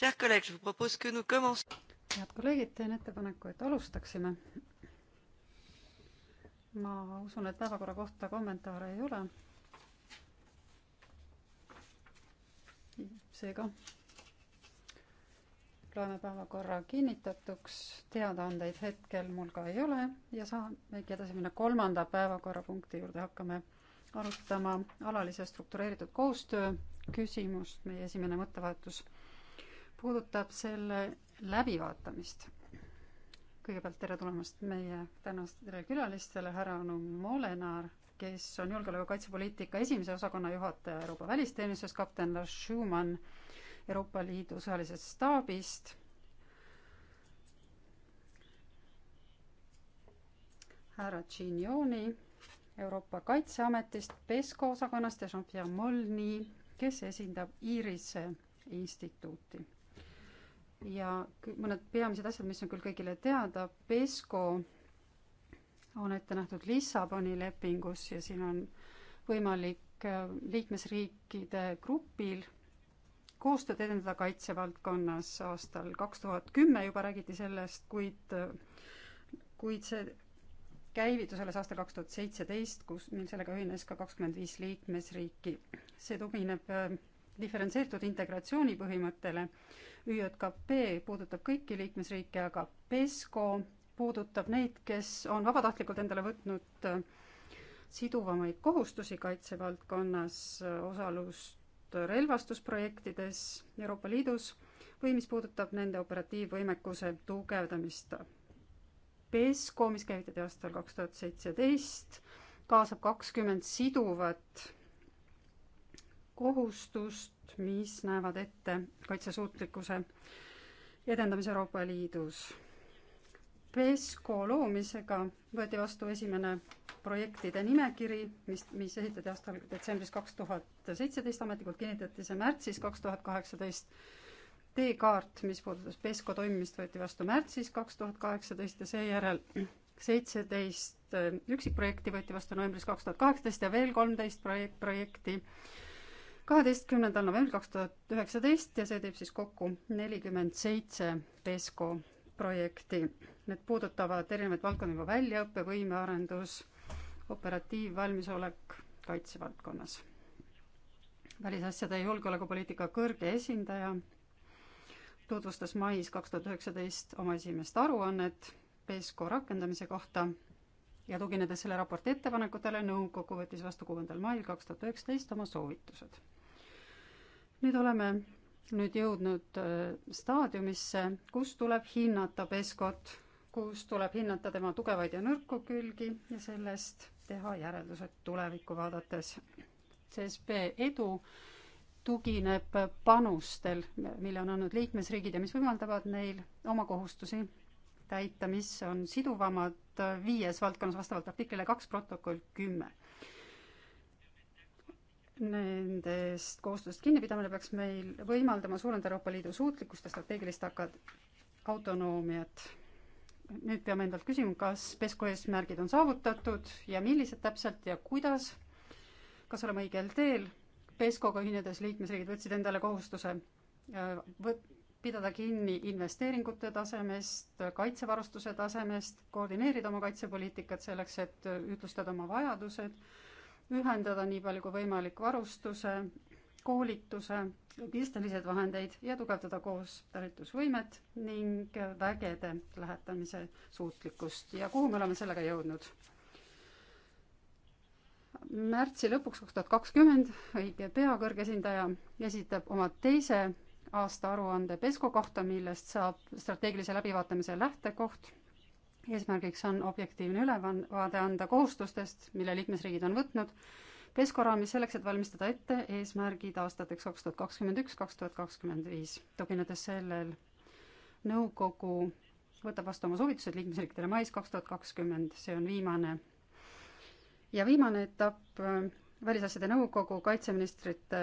Chers collègues, je vous propose que nous commencions. head kolleegid, teen ettepaneku, et alustaksime. ma usun, et päevakorra kohta kommentaare ei ole. seega loeme päevakorra kinnitatuks, teadaandeid hetkel mul ka ei ole ja saamegi edasi minna kolmanda päevakorrapunkti juurde, hakkame arutama alalise struktureeritud koostöö küsimust, meie esimene mõttevahetus puudutab selle läbivaatamist. kõigepealt tere tulemast meie tänastele külalistele, härra Anu Molenaar, kes on julgeoleku- ja kaitsepoliitika esimese osakonna juhataja Euroopa välisteenistuses, kapten Lars Schumann Euroopa Liidu sõjalisest staabist. härra Gignoni Euroopa Kaitseametist, PESCO osakonnast ja Jean-Pierre Molny, kes esindab Iirise instituuti ja mõned peamised asjad, mis on küll kõigile teada, PESCO on ette nähtud Lissaboni lepingus ja siin on võimalik äh, liikmesriikide grupil koostööd edendada kaitsevaldkonnas aastal kaks tuhat kümme juba räägiti sellest, kuid, äh, kuid see käivitus alles aastal kaks tuhat seitseteist, kus meil sellega ühines ka kakskümmend viis liikmesriiki. see tugineb äh, diferentseeritud integratsiooni põhimõttele. ÜJKP puudutab kõiki liikmesriike, aga PESCO puudutab neid, kes on vabatahtlikult endale võtnud äh, siduvamaid kohustusi kaitsevaldkonnas, äh, osalust relvastusprojektides Euroopa Liidus või mis puudutab nende operatiivvõimekuse tugevdamist. PESCO, mis käivitati aastal kaks tuhat seitseteist, kaasab kakskümmend siduvat kohustust, mis näevad ette kaitsesuutlikkuse edendamise Euroopa Liidus. PESCO loomisega võeti vastu esimene projektide nimekiri, mis, mis esitati aastal detsembris kaks tuhat seitseteist, ametlikult kinnitati see märtsis kaks tuhat kaheksateist. teekaart, mis puudutas PESCO toimimist, võeti vastu märtsis kaks tuhat kaheksateist ja seejärel seitseteist üksikprojekti võeti vastu novembris kaks tuhat kaheksateist ja veel kolmteist projekt, projekti kaheteistkümnendal novembril kaks tuhat üheksateist ja see teeb siis kokku nelikümmend seitse PESCO projekti. Need puudutavad erinevaid valdkondi nagu väljaõpe, võimearendus, operatiivvalmisolek kaitsevaldkonnas. välisasjade ja julgeolekupoliitika kõrge esindaja tutvustas mais kaks tuhat üheksateist oma esimest aruannet PESCO rakendamise kohta ja tuginedes selle raporti ettepanekutele, nõukogu võttis vastu kuuendal mail kaks tuhat üheksateist oma soovitused nüüd oleme nüüd jõudnud äh, staadiumisse, kus tuleb hinnata Peskot, kus tuleb hinnata tema tugevaid ja nõrku külgi ja sellest teha järeldused tulevikku vaadates. CSB edu tugineb panustel, mille on andnud liikmesriigid ja mis võimaldavad neil oma kohustusi täita, mis on siduvamad äh, viies valdkonnas vastavalt artiklile kaks protokoll kümme nendest kohustustest kinnipidamine peaks meil võimaldama suurendada Euroopa Liidu suutlikkust ja strateegilist autonoomiat. nüüd peame endalt küsima, kas PESCO eesmärgid on saavutatud ja millised täpselt ja kuidas. kas oleme õigel teel? PESCO-ga ühinedes liikmesriigid võtsid endale kohustuse äh, võt-, pidada kinni investeeringute tasemest, kaitsevarustuse tasemest, koordineerida oma kaitsepoliitikat selleks, et äh, ühtlustada oma vajadused ühendada nii palju kui võimalik varustuse, koolituse, logistilised vahendeid ja tugevdada koos talitusvõimet ning vägede lähetamise suutlikkust ja kuhu me oleme sellega jõudnud? märtsi lõpuks kaks tuhat kakskümmend õige pea kõrgesindaja esitab oma teise aastaaruande PESCO kohta, millest saab strateegilise läbivaatamise lähtekoht eesmärgiks on objektiivne ülevaade anda kohustustest, mille liikmesriigid on võtnud PESCO raamis selleks, et valmistada ette eesmärgid aastateks kaks tuhat kakskümmend üks, kaks tuhat kakskümmend viis. tuginedes sellel, nõukogu võtab vastu oma soovitused liikmesriikidele mais kaks tuhat kakskümmend, see on viimane. ja viimane etapp äh, Välisasjade Nõukogu kaitseministrite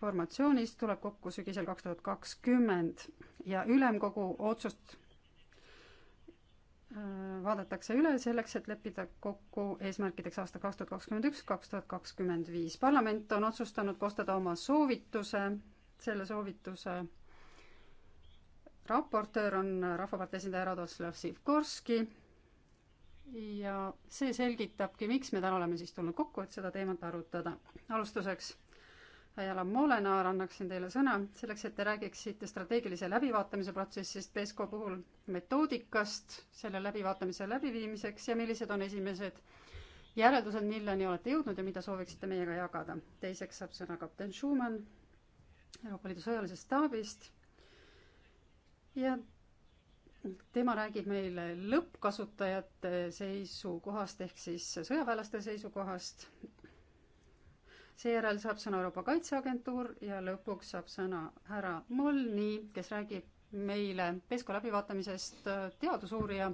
formatsioonis tuleb kokku sügisel kaks tuhat kakskümmend ja ülemkogu otsust Äh, vaadatakse üle selleks, et leppida kokku eesmärkideks aasta kaks tuhat kakskümmend üks, kaks tuhat kakskümmend viis. parlament on otsustanud koostada oma soovituse, selle soovituse raportöör on Rahvapartei esindaja Radoslav Sivkorski ja see selgitabki, miks me täna oleme siis tulnud kokku, et seda teemat arutada. alustuseks Ajala Molenaar, annaksin teile sõna selleks, et te räägiksite strateegilise läbivaatamise protsessist PESCO puhul, metoodikast selle läbivaatamise läbiviimiseks ja millised on esimesed järeldused, milleni olete jõudnud ja mida sooviksite meiega jagada. teiseks saab sõna kapten Schumann Euroopa Liidu sõjalisest staabist ja tema räägib meile lõppkasutajate seisukohast ehk siis sõjaväelaste seisukohast seejärel saab sõna Euroopa Kaitseagentuur ja lõpuks saab sõna härra Molni, kes räägib meile PESCO läbivaatamisest äh, teadusuurija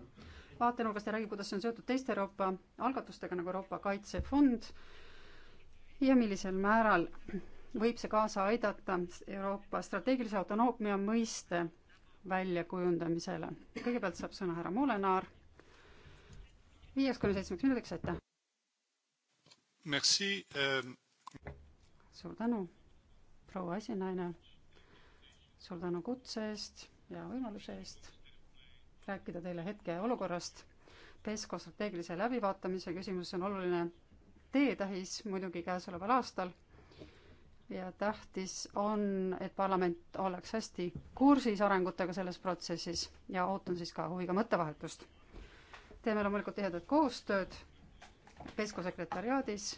vaatenurgast ja räägib, kuidas see on seotud teiste Euroopa algatustega nagu Euroopa Kaitsefond ja millisel määral võib see kaasa aidata Euroopa strateegilise autonoomia mõiste väljakujundamisele. kõigepealt saab sõna härra Molenaar. viieks kuni seitsmeks minutiks, aitäh. Merci euh,, suur tänu, proua esinaine. suur tänu kutse eest ja võimaluse eest rääkida teile hetkeolukorrast. PESCO strateegilise läbivaatamise küsimus on oluline teetähis muidugi käesoleval aastal. ja tähtis on, et parlament oleks hästi kursis arengutega selles protsessis ja ootan siis ka huviga mõttevahetust. teeme loomulikult tihedat koostööd PESCO sekretäriaadis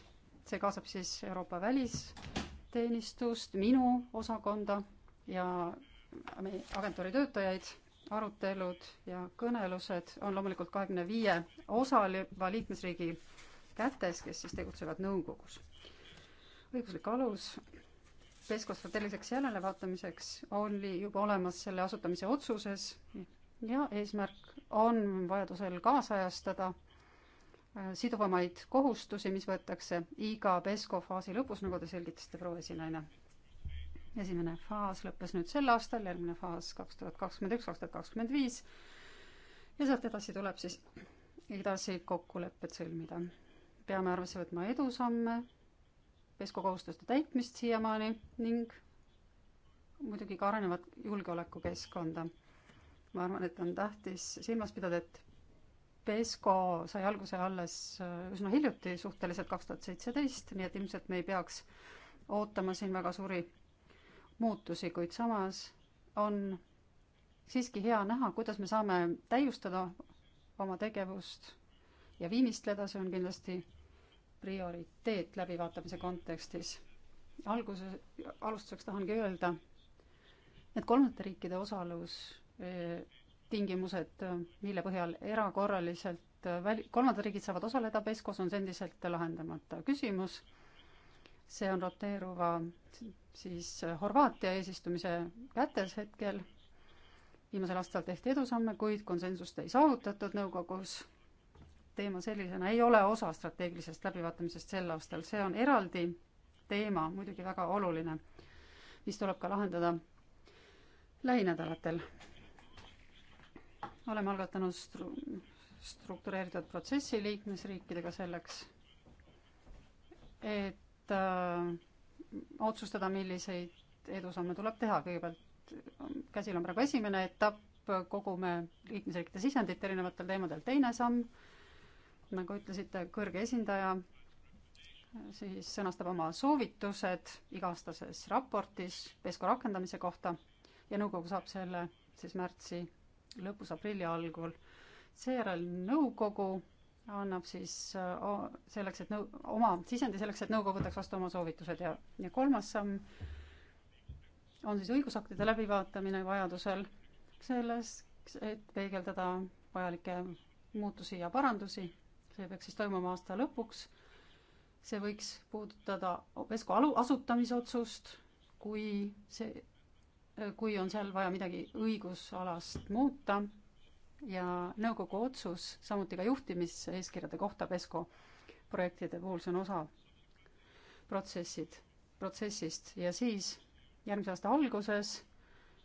see kaasab siis Euroopa välisteenistust, minu osakonda ja meie agentuuri töötajaid, arutelud ja kõnelused on loomulikult kahekümne viie osaliva liikmesriigi kätes, kes siis tegutsevad nõukogus. õiguslik alus PESCO strateegiliseks järelevaatamiseks oli juba olemas selle asutamise otsuses ja eesmärk on vajadusel kaasajastada Äh, siduvamaid kohustusi, mis võetakse iga PESCO faasi lõpus, nagu te selgitasite, proua esinaine. esimene faas lõppes nüüd sel aastal, järgmine faas kaks tuhat kakskümmend üks, kaks tuhat kakskümmend viis ja sealt edasi tuleb siis edasi kokkulepped sõlmida. peame arvesse võtma edusamme, PESCO kohustuste täitmist siiamaani ning muidugi ka arenevat julgeolekukeskkonda. ma arvan, et on tähtis silmas pidada, et PESCO sai alguse alles äh, üsna hiljuti, suhteliselt kaks tuhat seitseteist, nii et ilmselt me ei peaks ootama siin väga suuri muutusi, kuid samas on siiski hea näha, kuidas me saame täiustada oma tegevust ja viimistleda, see on kindlasti prioriteet läbivaatamise kontekstis. alguse, alustuseks tahangi öelda, et kolmandate riikide osalus eh, tingimused, mille põhjal erakorraliselt äh, väl-, kolmandad riigid saavad osaleda PESCO-s, on see endiselt lahendamata küsimus. see on roteeruva siis äh, Horvaatia eesistumise kätes hetkel. viimasel aastal tehti edusamme, kuid konsensust ei saavutatud nõukogus. teema sellisena ei ole osa strateegilisest läbivaatamisest sel aastal, see on eraldi teema, muidugi väga oluline, mis tuleb ka lahendada lähinädalatel oleme algatanud stru-, struktureeritud protsessi liikmesriikidega selleks, et äh, otsustada, milliseid edusamme tuleb teha, kõigepealt käsil on praegu esimene etapp, kogume liikmesriikide sisendit erinevatel teemadel, teine samm, nagu ütlesite, kõrge esindaja äh, siis sõnastab oma soovitused iga-aastases raportis PESCO rakendamise kohta ja nõukogu saab selle siis märtsi lõpus aprilli algul. seejärel nõukogu annab siis selleks, et nõu-, oma sisendi selleks, et nõukogu võtaks vastu oma soovitused ja, ja kolmas samm on siis õigusaktide läbivaatamine vajadusel selles, et peegeldada vajalikke muutusi ja parandusi. see peaks siis toimuma aasta lõpuks. see võiks puudutada Pesco alu-, asutamisotsust, kui see kui on seal vaja midagi õigusalast muuta ja nõukogu otsus, samuti ka juhtimiseeskirjade kohta PESCO projektide puhul, see on osa protsessid, protsessist ja siis järgmise aasta alguses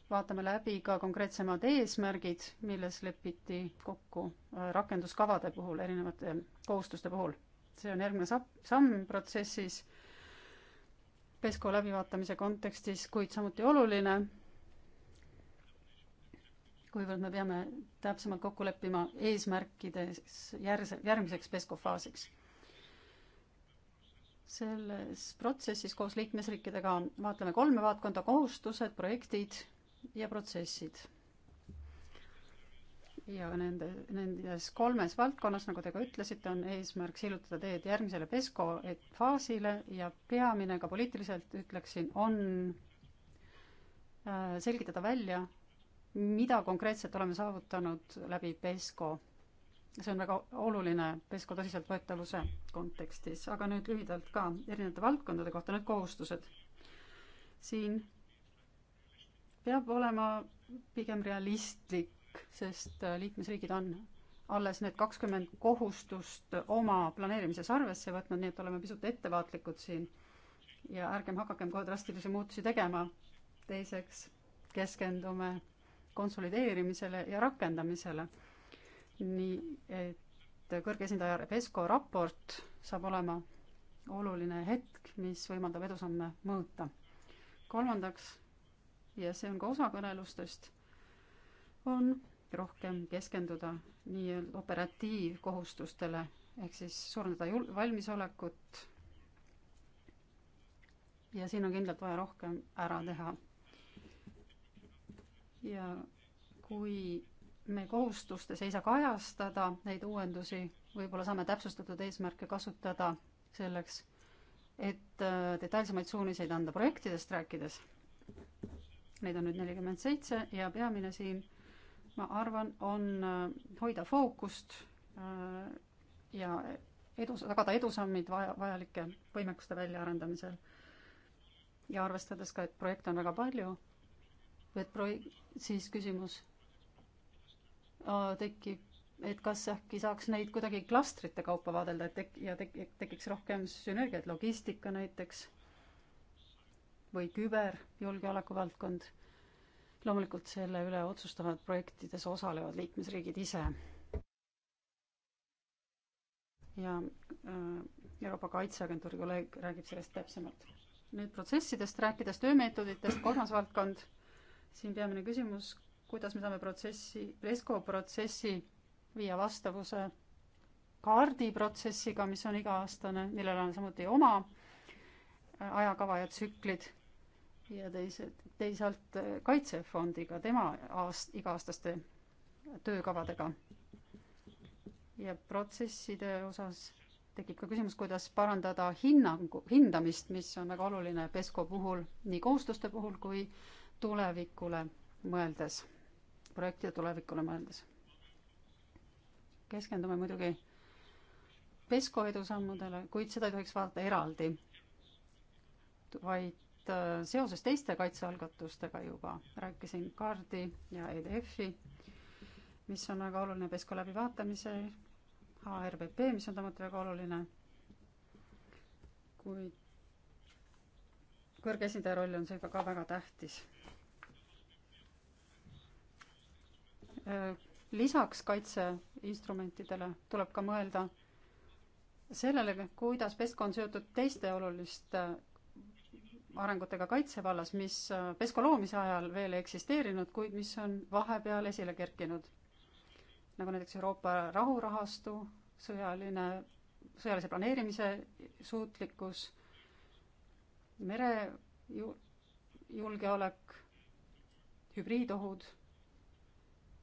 vaatame läbi ka konkreetsemad eesmärgid, milles lepiti kokku äh, rakenduskavade puhul, erinevate kohustuste puhul. see on järgmine samm protsessis PESCO läbivaatamise kontekstis, kuid samuti oluline kuivõrd me peame täpsemalt kokku leppima eesmärkides järse, järgmiseks PESCO faasiks. selles protsessis koos liikmesriikidega vaatleme kolme vaatkonda, kohustused, projektid ja protsessid. ja nende, nendes kolmes valdkonnas, nagu te ka ütlesite, on eesmärk sillutada teed järgmisele PESCO faasile ja peamine ka poliitiliselt ütleksin, on äh, selgitada välja mida konkreetselt oleme saavutanud läbi PESCO. see on väga oluline PESCO tõsiseltvõetavuse kontekstis, aga nüüd lühidalt ka erinevate valdkondade kohta, need kohustused. siin peab olema pigem realistlik, sest äh, liikmesriigid on alles need kakskümmend kohustust oma planeerimises arvesse võtnud, nii et oleme pisut ettevaatlikud siin ja ärgem hakakem kohe drastilisi muutusi tegema. teiseks keskendume konsolideerimisele ja rakendamisele. nii et kõrge esindaja Pesco raport saab olema oluline hetk, mis võimaldab edusamme mõõta. kolmandaks, ja see on ka osa kõnelustest, on rohkem keskenduda nii-öelda operatiivkohustustele ehk siis suurendada jul-, valmisolekut. ja siin on kindlalt vaja rohkem ära teha ja kui me kohustustes ei saa kajastada neid uuendusi, võib-olla saame täpsustatud eesmärke kasutada selleks, et äh, detailsemaid suuniseid anda projektidest rääkides. Neid on nüüd nelikümmend seitse ja peamine siin, ma arvan, on äh, hoida fookust äh, ja edu, tagada edusammid vaja, vajalike võimekuste väljaarendamisel. ja arvestades ka, et projekte on väga palju et projek-, siis küsimus tekib, et kas äkki saaks neid kuidagi klastrite kaupa vaadelda, et tek- ja tek-, tekiks rohkem sünergiat, logistika näiteks või küberjulgeoleku valdkond. loomulikult selle üle otsustavad projektides osalevad liikmesriigid ise. ja äh, Euroopa Kaitseagentuuri kolleeg räägib sellest täpsemalt. nüüd protsessidest rääkides, töömeetoditest, kolmas valdkond siin peamine küsimus, kuidas me saame protsessi, Presco protsessi viia vastavuse kaardiprotsessiga, mis on iga-aastane, millel on samuti oma äh, ajakava ja tsüklid ja teised, teisalt äh, Kaitsefondiga, tema aast-, iga-aastaste töökavadega. ja protsesside osas tekib ka küsimus, kuidas parandada hinnangu, hindamist, mis on väga oluline PESCO puhul, nii kohustuste puhul kui äh, tulevikule mõeldes, projektide tulevikule mõeldes. keskendume muidugi PESCO edusammudele, kuid seda ei tohiks vaadata eraldi, vaid äh, seoses teiste kaitsealgatustega juba, rääkisin CARD-i ja EDF-i, mis on väga oluline PESCO läbivaatamisel, HRVP, mis on samuti väga oluline, kuid kõrge esindaja roll on seega ka väga tähtis Äh, lisaks kaitseinstrumentidele tuleb ka mõelda sellele, kuidas PESCO on seotud teiste oluliste äh, arengutega kaitsevallas, mis äh, PESCO loomise ajal veel ei eksisteerinud, kuid mis on vahepeal esile kerkinud. nagu näiteks Euroopa rahurahastu, sõjaline, sõjalise planeerimise suutlikkus, merejulgeolek, hübriidohud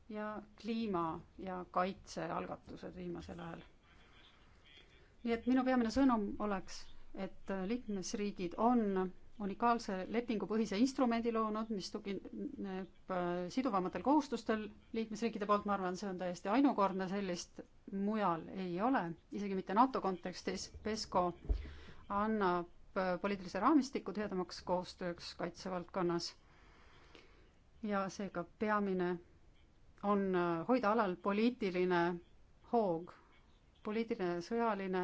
ja kliima- ja kaitsealgatused viimasel ajal. nii et minu peamine sõnum oleks, et äh, liikmesriigid on unikaalse lepingupõhise instrumendi loonud, mis tugineb äh, siduvamatel kohustustel liikmesriikide poolt, ma arvan, see on täiesti ainukordne, sellist mujal ei ole, isegi mitte NATO kontekstis, PESCO annab äh, poliitilise raamistiku tihedamaks koostööks kaitsevaldkonnas. ja seega peamine on äh, hoida alal poliitiline hoog, poliitiline, sõjaline,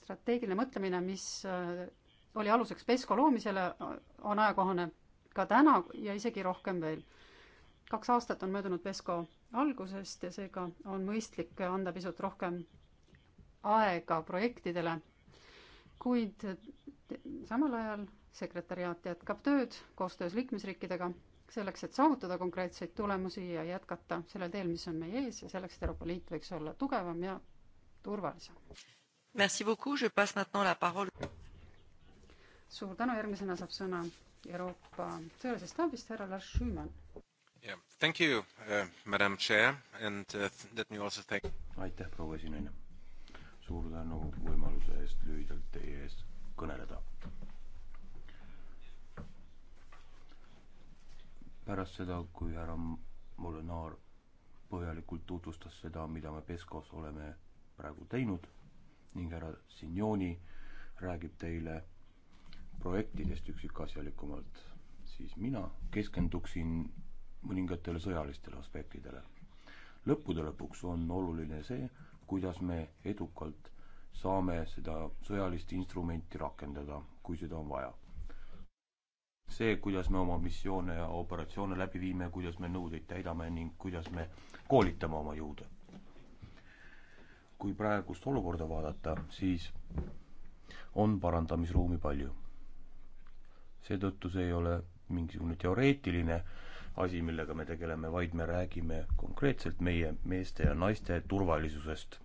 strateegiline mõtlemine, mis äh, oli aluseks PESCO loomisele, äh, on ajakohane ka täna ja isegi rohkem veel. kaks aastat on möödunud PESCO algusest ja seega on mõistlik anda pisut rohkem aega projektidele, kuid samal ajal sekretäriaat jätkab tööd koostöös liikmesriikidega selleks, et saavutada konkreetseid tulemusi ja jätkata sellel teel, mis on meie ees ja selleks, et Euroopa Liit võiks olla tugevam ja turvalisem. suur tänu, järgmisena saab sõna Euroopa sõjalisest staabist härra Lars Schümann. Yeah. Thank you uh,, madam chair and uh, let me also thank aitäh, proua esinaine. suur tänu võimaluse eest lühidalt teie ees kõneleda pärast seda, kui härra Molinar põhjalikult tutvustas seda, mida me Peskos oleme praegu teinud ning härra Signoni räägib teile projektidest üksikasjalikumalt, siis mina keskenduksin mõningatele sõjalistele aspektidele. lõppude lõpuks on oluline see, kuidas me edukalt saame seda sõjalist instrumenti rakendada, kui seda on vaja see, kuidas me oma missioone ja operatsioone läbi viime, kuidas me nõudeid täidame ning kuidas me koolitame oma jõude. kui praegust olukorda vaadata, siis on parandamisruumi palju. seetõttu see ei ole mingisugune teoreetiline asi, millega me tegeleme, vaid me räägime konkreetselt meie meeste ja naiste turvalisusest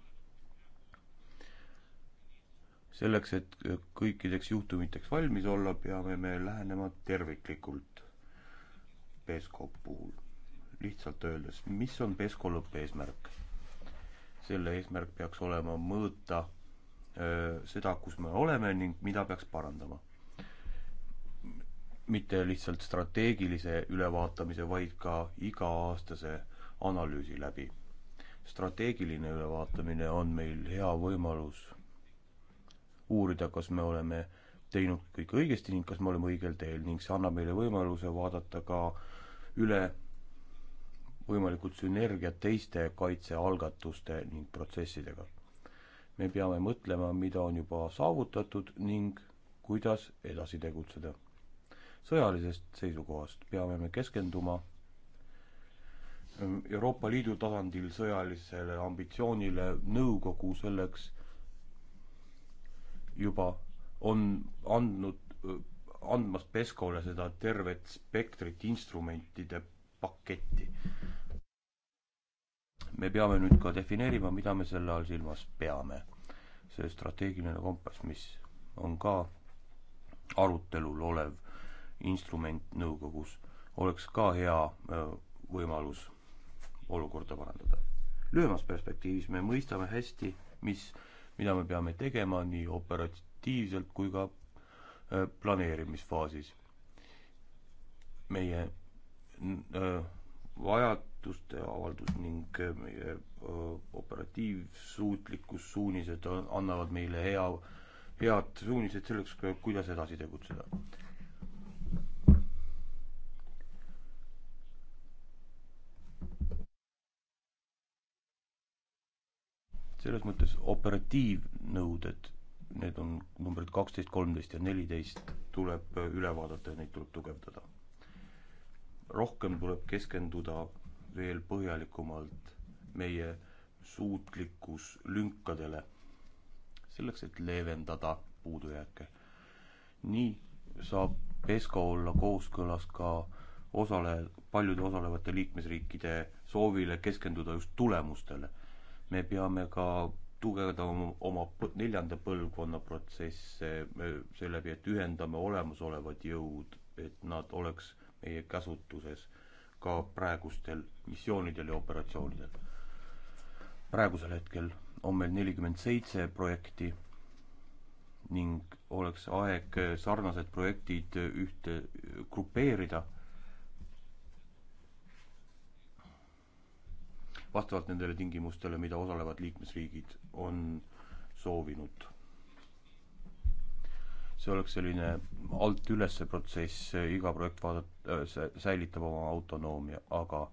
selleks, et kõikideks juhtumiteks valmis olla, peame me lähenema terviklikult Pesko puhul. lihtsalt öeldes, mis on Pesko lõppeesmärk? selle eesmärk peaks olema mõõta öö, seda, kus me oleme ning mida peaks parandama. mitte lihtsalt strateegilise ülevaatamise, vaid ka iga-aastase analüüsi läbi. strateegiline ülevaatamine on meil hea võimalus uurida, kas me oleme teinud kõik õigesti ning kas me oleme õigel teel ning see annab meile võimaluse vaadata ka üle võimalikud sünergiad teiste kaitsealgatuste ning protsessidega. me peame mõtlema, mida on juba saavutatud ning kuidas edasi tegutseda. sõjalisest seisukohast peame me keskenduma Euroopa Liidu tasandil sõjalisele ambitsioonile, nõukogu selleks juba on andnud, andmas Peskole seda tervet spektrit instrumentide paketti. me peame nüüd ka defineerima, mida me selle all silmas peame. see strateegiline kompass, mis on ka arutelul olev instrument nõukogus, oleks ka hea äh, võimalus olukorda parandada. lühemas perspektiivis me mõistame hästi, mis mida me peame tegema nii operatiivselt kui ka äh, planeerimisfaasis. meie äh, vajaduste avaldus ning äh, meie operatiivsuutlikkus, suunised annavad meile hea, head suunised selleks, kuidas edasi tegutseda selles mõttes operatiivnõuded, need on numbrid kaksteist, kolmteist ja neliteist, tuleb äh, üle vaadata ja neid tuleb tugevdada. rohkem tuleb keskenduda veel põhjalikumalt meie suutlikkuslünkadele, selleks et leevendada puudujääke. nii saab PESCO olla kooskõlas ka osale, paljude osalevate liikmesriikide soovile keskenduda just tulemustele me peame ka tugevdama oma neljanda põlvkonna protsesse seeläbi, et ühendame olemasolevad jõud, et nad oleks meie käsutuses ka praegustel missioonidel ja operatsioonidel. praegusel hetkel on meil nelikümmend seitse projekti ning oleks aeg sarnased projektid ühte grupeerida vastavalt nendele tingimustele, mida osalevad liikmesriigid on soovinud. see oleks selline alt ülesse protsess, iga projekt vaadat-, äh, säilitab oma autonoomia, aga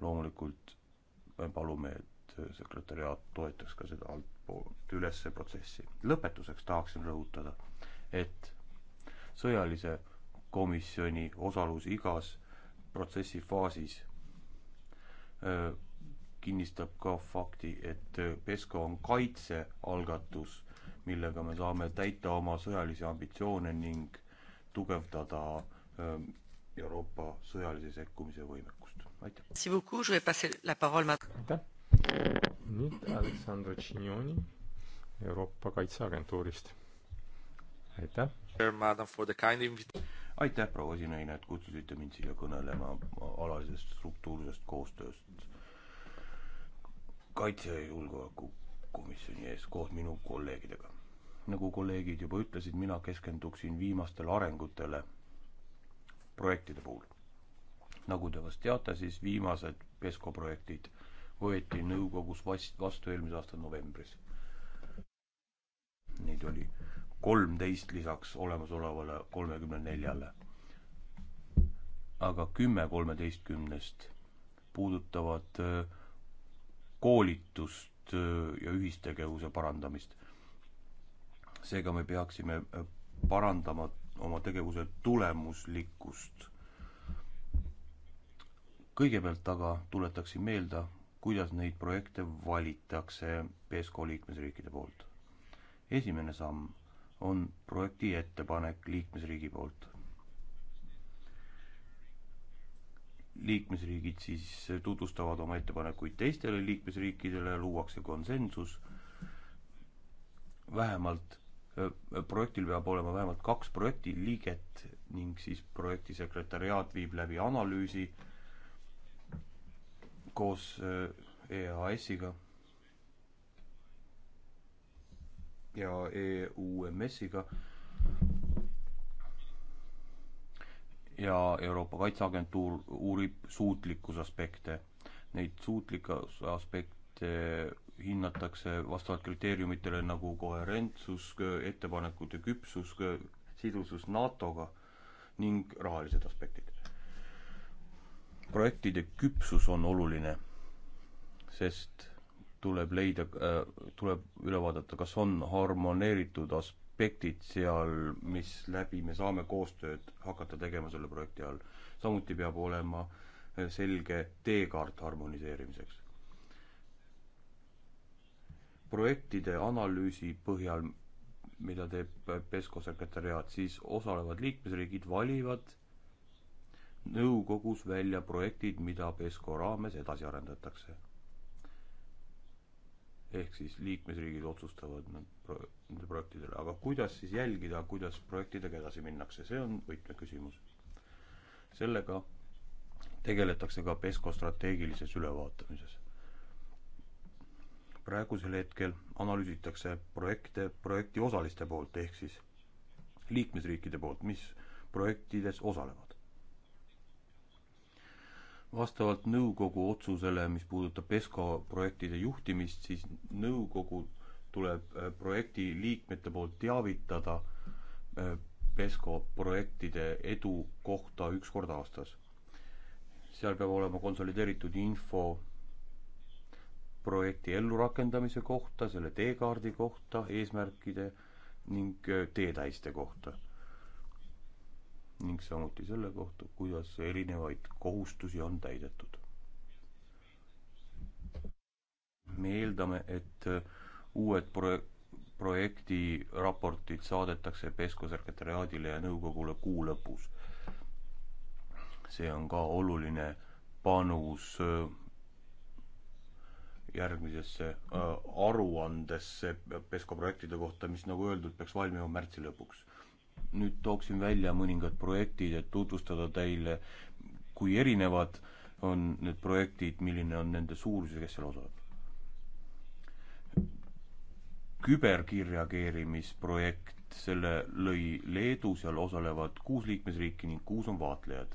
loomulikult me palume, et sekretäriaat toetaks ka seda altpoolt ülesse protsessi. lõpetuseks tahaksin rõhutada, et sõjalise komisjoni osalus igas protsessi faasis öö, äh, kinnistab ka fakti, et äh, PESCO on kaitsealgatus, millega me saame täita oma sõjalisi ambitsioone ning tugevdada ähm, Euroopa sõjalise sekkumise võimekust. aitäh! aitäh! nüüd Aleksandr Tšinjoni Euroopa Kaitseagentuurist. aitäh! aitäh, proua esinaine, et kutsusite mind siia kõnelema alalisest struktuursest koostööst kaitse- ja julgeolekukomisjoni ees koos minu kolleegidega. nagu kolleegid juba ütlesid, mina keskenduksin viimastele arengutele projektide puhul. nagu te vast teate, siis viimased PESCO projektid võeti nõukogus vast-, vastu eelmise aasta novembris. Neid oli kolmteist lisaks olemasolevale kolmekümne neljale. aga kümme kolmeteistkümnest puudutavad äh, koolitust äh, ja ühistegevuse parandamist. seega me peaksime äh, parandama oma tegevuse tulemuslikkust. kõigepealt aga tuletaksin meelde, kuidas neid projekte valitakse PESCO liikmesriikide poolt. esimene samm on projekti ettepanek liikmesriigi poolt liikmesriigid siis tutvustavad oma ettepanekuid teistele liikmesriikidele, luuakse konsensus, vähemalt, projektil peab olema vähemalt kaks projekti liiget ning siis projekti sekretäriaat viib läbi analüüsi koos EAS-iga ja EUMS-iga ja Euroopa Kaitseagentuur uurib suutlikkusaspekte. Neid suutlikkusaspekte hinnatakse vastavalt kriteeriumitele nagu koherentsus, ettepanekute küpsus, sidusus NATO-ga ning rahalised aspektid. projektide küpsus on oluline, sest tuleb leida, äh, tuleb üle vaadata, kas on harmoneeritud as-, aspektid seal, mis läbi me saame koostööd hakata tegema selle projekti all. samuti peab olema eh, selge teekaart harmoniseerimiseks. projektide analüüsi põhjal, mida teeb PESCO sekretäriaat, siis osalevad liikmesriigid valivad nõukogus välja projektid, mida PESCO raames edasi arendatakse. ehk siis liikmesriigid otsustavad nad pro-, nendele projektidele, aga kuidas siis jälgida, kuidas projektidega edasi minnakse, see on võtmeküsimus. sellega tegeletakse ka PESCO strateegilises ülevaatamises. praegusel hetkel analüüsitakse projekte projekti osaliste poolt, ehk siis liikmesriikide poolt, mis projektides osalevad. vastavalt nõukogu otsusele, mis puudutab PESCO projektide juhtimist, siis nõukogu tuleb äh, projekti liikmete poolt teavitada äh, PESCO projektide edu kohta üks kord aastas. seal peab olema konsolideeritud info projekti ellurakendamise kohta, selle teekaardi kohta, eesmärkide ning äh, teetähiste kohta. ning samuti selle kohta, kuidas erinevaid kohustusi on täidetud. me eeldame, et uued pro-, projektiraportid saadetakse PESCO sekretäriaadile ja nõukogule kuu lõpus. see on ka oluline panus äh, järgmisesse äh, aruandesse PESCO projektide kohta, mis nagu öeldud, peaks valmima märtsi lõpuks. nüüd tooksin välja mõningad projektid, et tutvustada teile, kui erinevad on need projektid, milline on nende suurus ja kes seal osaleb küberkiirreageerimisprojekt, selle lõi Leedu, seal osalevad kuus liikmesriiki ning kuus on vaatlejad.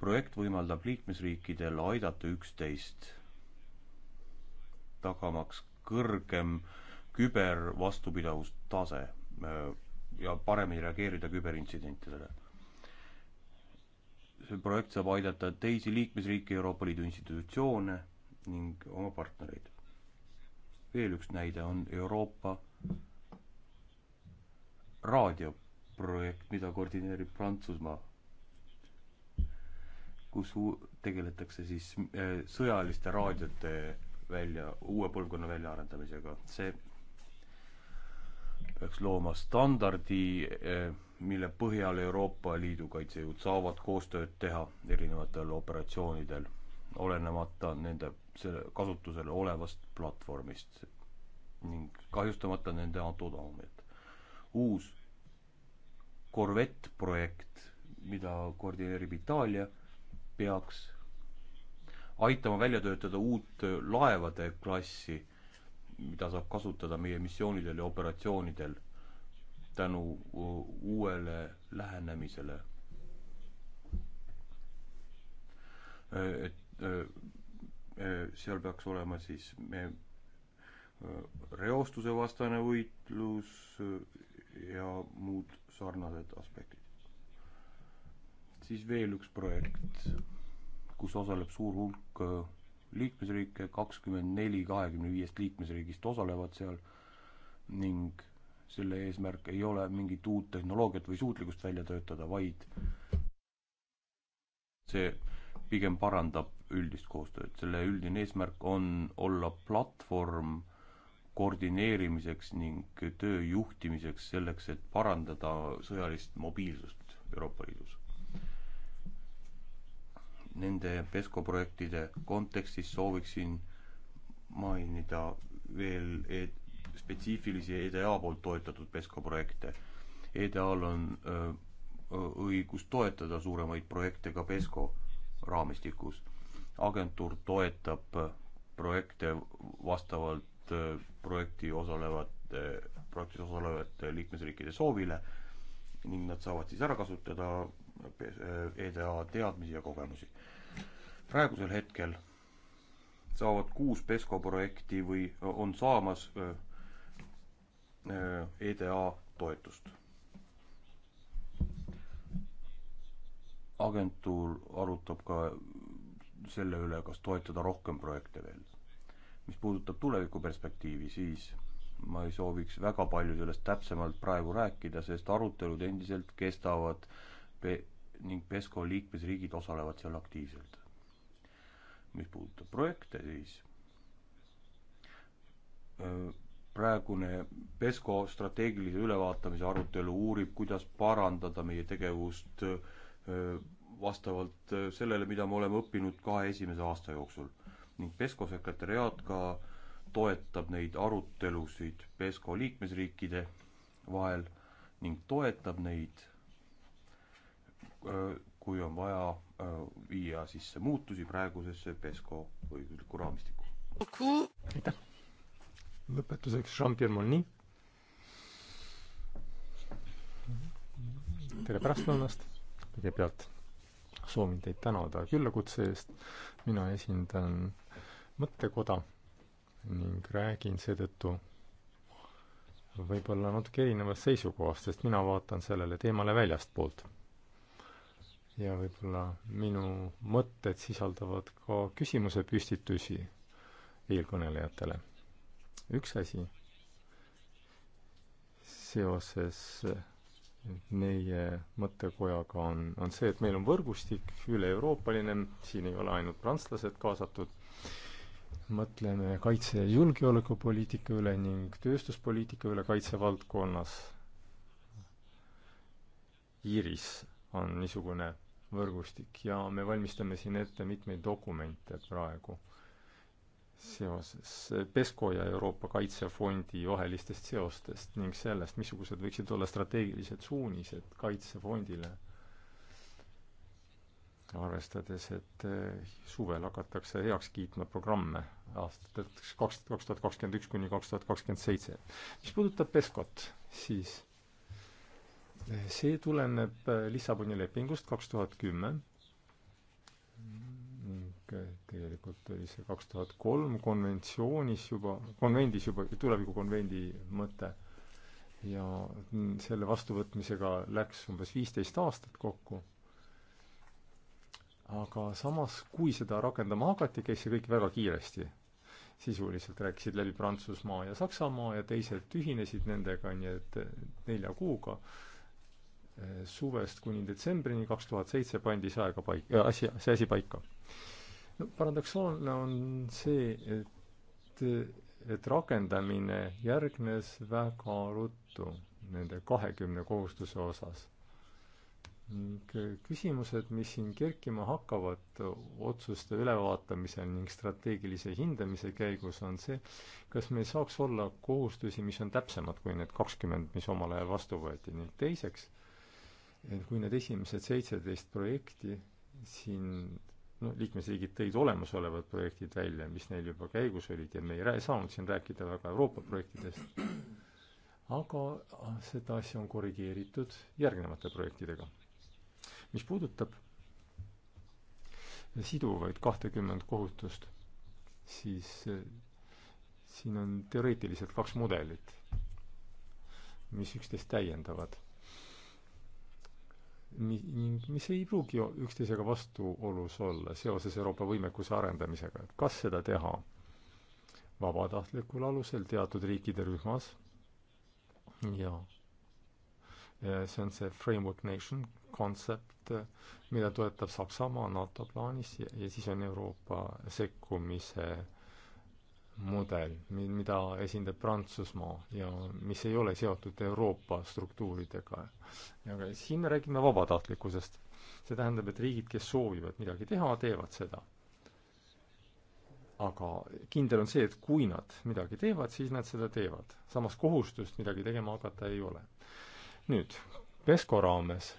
projekt võimaldab liikmesriikidel aidata üksteist, tagamaks kõrgem kübervastupidavustase äh, ja paremini reageerida küberintsidentidele. see projekt saab aidata teisi liikmesriike, Euroopa Liidu institutsioone ning oma partnereid veel üks näide on Euroopa raadioprojekt, mida koordineerib Prantsusmaa, kus tegeletakse siis äh, sõjaliste raadiote välja, uue põlvkonna väljaarendamisega. see peaks looma standardi, äh, mille põhjal Euroopa Liidu kaitsejõud saavad koostööd teha erinevatel operatsioonidel, olenemata nende selle kasutusel olevast platvormist ning kahjustamata nende autotoomiat. uus Corvette projekt, mida koordineerib Itaalia, peaks aitama välja töötada uut laevade klassi, mida saab kasutada meie missioonidel ja operatsioonidel tänu uuele lähenemisele. Äh, et äh, Äh, seal peaks olema siis me äh, reostuse vastane võitlus äh, ja muud sarnased aspektid. siis veel üks projekt, kus osaleb suur hulk liikmesriike, kakskümmend neli kahekümne viiest liikmesriigist osalevad seal ning selle eesmärk ei ole mingit uut tehnoloogiat või suutlikkust välja töötada, vaid see pigem parandab üldist koostööd, selle üldine eesmärk on olla platvorm koordineerimiseks ning töö juhtimiseks selleks, et parandada sõjalist mobiilsust Euroopa Liidus. Nende PESCO projektide kontekstis sooviksin mainida veel et spetsiifilisi EDA poolt toetatud PESCO projekte. EDA-l on öö, õigus toetada suuremaid projekte ka PESCO raamistikus agentuur toetab projekte vastavalt äh, projekti osalevate, projektis osalevate liikmesriikide soovile ning nad saavad siis ära kasutada äh, EDA teadmisi ja kogemusi. praegusel hetkel saavad kuus PESCO projekti või on saamas äh, EDA toetust. agentuur arutab ka selle üle, kas toetada rohkem projekte veel. mis puudutab tulevikuperspektiivi, siis ma ei sooviks väga palju sellest täpsemalt praegu rääkida, sest arutelud endiselt kestavad pe-, ning PESCO liikmesriigid osalevad seal aktiivselt. mis puudutab projekte, siis praegune PESCO strateegilise ülevaatamise arutelu uurib, kuidas parandada meie tegevust öö, vastavalt äh, sellele, mida me oleme õppinud kahe esimese aasta jooksul. ning PESCO sekretäriaat ka toetab neid arutelusid PESCO liikmesriikide vahel ning toetab neid, äh, kui on vaja äh, viia sisse muutusi praegusesse PESCO õiguslikku raamistikku. aitäh! lõpetuseks Jean-Pierre Monnet. tere pärastlõunast kõigepealt soovin teid tänada küllakutse eest. mina esindan mõttekoda ning räägin seetõttu võib-olla natuke erinevast seisukohast, sest mina vaatan sellele teemale väljastpoolt. ja võib-olla minu mõtted sisaldavad ka küsimusepüstitusi eelkõnelejatele. üks asi seoses meie mõttekojaga on, on see, et meil on võrgustik üle-euroopaline, siin ei ole ainult prantslased kaasatud, mõtleme kaitse- ja julgeolekupoliitika üle ning tööstuspoliitika üle kaitsevaldkonnas. Iiris on niisugune võrgustik ja me valmistame siin ette mitmeid dokumente praegu seoses PESCO ja Euroopa Kaitsefondi vahelistest seostest ning sellest, missugused võiksid olla strateegilised suunised Kaitsefondile, arvestades, et eh, suvel hakatakse heaks kiitma programme aastateks kaks, kaks tuhat kakskümmend üks kuni kaks tuhat kakskümmend seitse. mis puudutab PESCO-t, siis eh, see tuleneb eh, Lissaboni lepingust kaks tuhat kümme tegelikult oli see kaks tuhat kolm konventsioonis juba, konvendis juba, tulevikukonvendi mõte. ja selle vastuvõtmisega läks umbes viisteist aastat kokku. aga samas, kui seda rakendama hakati, käis see kõik väga kiiresti. sisuliselt rääkisid läbi Prantsusmaa ja Saksamaa ja teised ühinesid nendega, nii et nelja kuuga suvest kuni detsembrini kaks tuhat seitse pandi see aega paika, äh, asi, see asi paika paradoksaalne on see, et, et rakendamine järgnes väga ruttu nende kahekümne kohustuse osas. ning küsimused, mis siin kerkima hakkavad otsuste ülevaatamisel ning strateegilise hindamise käigus, on see, kas meil saaks olla kohustusi, mis on täpsemad kui need kakskümmend, mis omal ajal vastu võeti ning teiseks, et kui need esimesed seitseteist projekti siin noh, liikmesriigid tõid olemasolevad projektid välja, mis neil juba käigus olid ja me ei saanud siin rääkida väga Euroopa projektidest. aga ah, seda asja on korrigeeritud järgnevate projektidega. mis puudutab siduvaid kahtekümmend kohutust, siis eh, siin on teoreetiliselt kaks mudelit, mis üksteist täiendavad ning mis ei pruugi üksteisega vastuolus olla seoses Euroopa võimekuse arendamisega, et kas seda teha vabatahtlikul alusel teatud riikide rühmas ja see on see Framework Nation kontsept, mida toetab Saksamaa NATO plaanis ja, ja siis on Euroopa sekkumise äh, mudel, mida esindab Prantsusmaa ja mis ei ole seotud Euroopa struktuuridega. aga siin me räägime vabatahtlikkusest. see tähendab, et riigid, kes soovivad midagi teha, teevad seda. aga kindel on see, et kui nad midagi teevad, siis nad seda teevad. samas kohustust midagi tegema hakata ei ole. nüüd, PESCO raames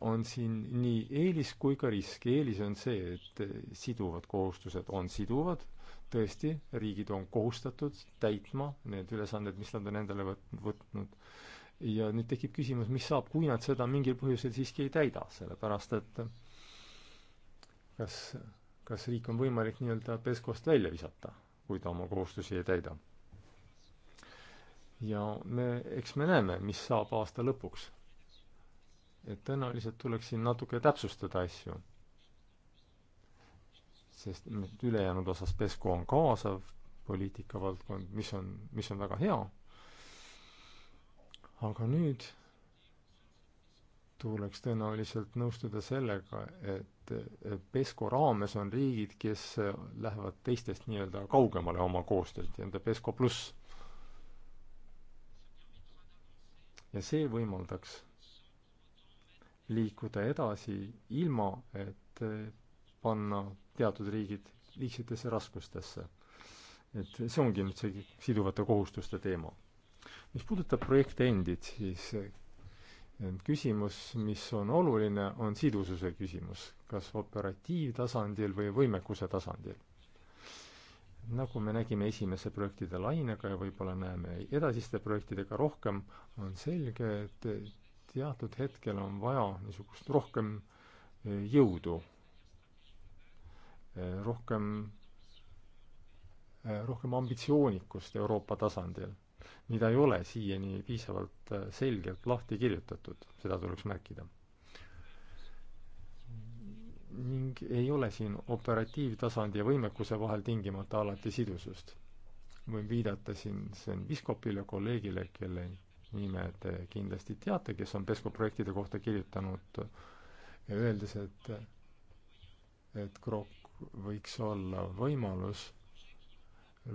on siin nii eelis kui ka risk. eelis on see, et siduvad kohustused on siduvad tõesti, riigid on kohustatud täitma need ülesanded, mis nad on endale võt-, võtnud. ja nüüd tekib küsimus, mis saab, kui nad seda mingil põhjusel siiski ei täida, sellepärast et kas, kas riik on võimalik nii-öelda peskost välja visata, kui ta oma kohustusi ei täida? ja me, eks me näeme, mis saab aasta lõpuks. et tõenäoliselt tuleks siin natuke täpsustada asju sest ülejäänud osas PESCO on kaasav poliitikavaldkond, mis on, mis on väga hea. aga nüüd tuleks tõenäoliselt nõustuda sellega, et PESCO raames on riigid, kes lähevad teistest nii-öelda kaugemale oma koostööst, nii-öelda PESCO pluss. ja see võimaldaks liikuda edasi ilma, et panna teatud riigid liigsetesse raskustesse. et see ongi nüüd see siduvate kohustuste teema. mis puudutab projekte endid, siis eh, küsimus, mis on oluline, on sidususe küsimus, kas operatiivtasandil või võimekuse tasandil. nagu me nägime esimese projektide lainega ja võib-olla näeme edasiste projektidega rohkem, on selge, et teatud hetkel on vaja niisugust rohkem eh, jõudu Eh, rohkem, eh, rohkem ambitsioonikust Euroopa tasandil, mida ei ole siiani piisavalt eh, selgelt lahti kirjutatud, seda tuleks märkida. ning ei ole siin operatiivtasandi ja võimekuse vahel tingimata alati sidusust. võin viidata siin Sven Viskopile, kolleegile, kelle nime te kindlasti teate, kes on PESCO projektide kohta kirjutanud, öeldes, et et Krok võiks olla võimalus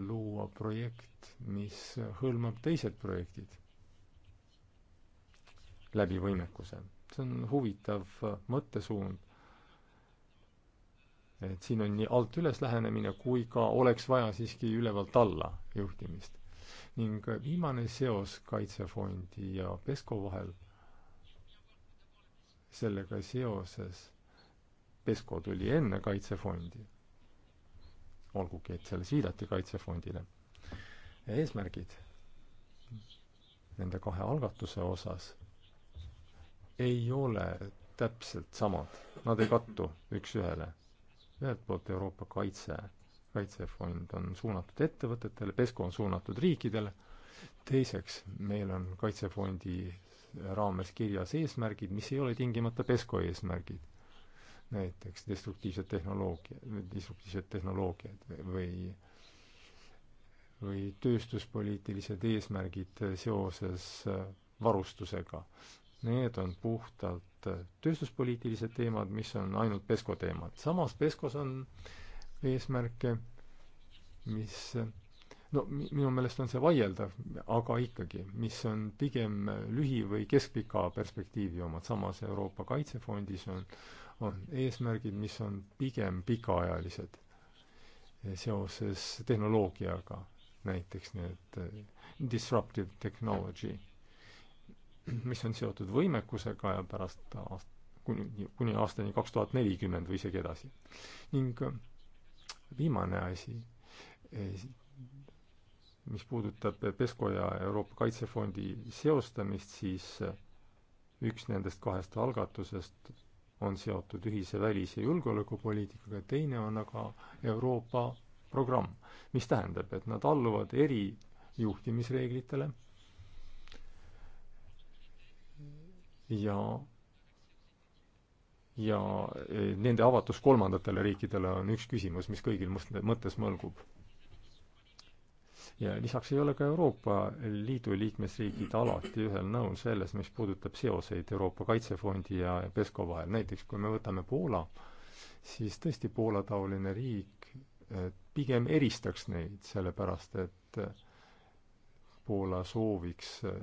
luua projekt, mis hõlmab teised projektid läbi võimekuse. see on huvitav mõttesuund. et siin on nii alt üles lähenemine kui ka oleks vaja siiski ülevalt alla juhtimist. ning viimane seos Kaitsefondi ja PESCO vahel sellega seoses PESCO tuli enne Kaitsefondi, olgugi et selles viidati Kaitsefondile. eesmärgid nende kahe algatuse osas ei ole täpselt samad, nad ei kattu üks-ühele. ühelt poolt Euroopa Kaitse, Kaitsefond on suunatud ettevõtetele, PESCO on suunatud riikidele, teiseks, meil on Kaitsefondi raames kirjas eesmärgid, mis ei ole tingimata PESCO eesmärgid näiteks destruktiivsed tehnoloogia, destruktiivsed tehnoloogiad või või tööstuspoliitilised eesmärgid seoses varustusega. Need on puhtalt tööstuspoliitilised teemad, mis on ainult PESCO teemad. samas PESCO-s on eesmärke, mis no minu meelest on see vaieldav, aga ikkagi, mis on pigem lühi- või keskpika perspektiivi omad, samas Euroopa Kaitsefondis on äh, on eesmärgid, mis on pigem pikaajalised seoses tehnoloogiaga, näiteks need eh, disruptive technology, mis on seotud võimekusega ja pärast aast-, kuni, kuni aastani kaks tuhat nelikümmend või isegi edasi. ning eh, viimane asi, eh, mis puudutab PESCO ja Euroopa Kaitsefondi seostamist, siis üks nendest kahest algatusest on seotud ühise välis- ja julgeolekupoliitikaga, teine on aga Euroopa programm, mis tähendab, et nad alluvad eri juhtimisreeglitele ja ja eh, nende avatus kolmandatele riikidele on üks küsimus, mis kõigil mõttes mõlgub ja lisaks ei ole ka Euroopa Liidu liikmesriigid alati ühel nõul selles, mis puudutab seoseid Euroopa Kaitsefondi ja PESCO vahel. näiteks kui me võtame Poola, siis tõesti Poola-taoline riik eh, pigem eristaks neid, sellepärast et eh, Poola sooviks eh,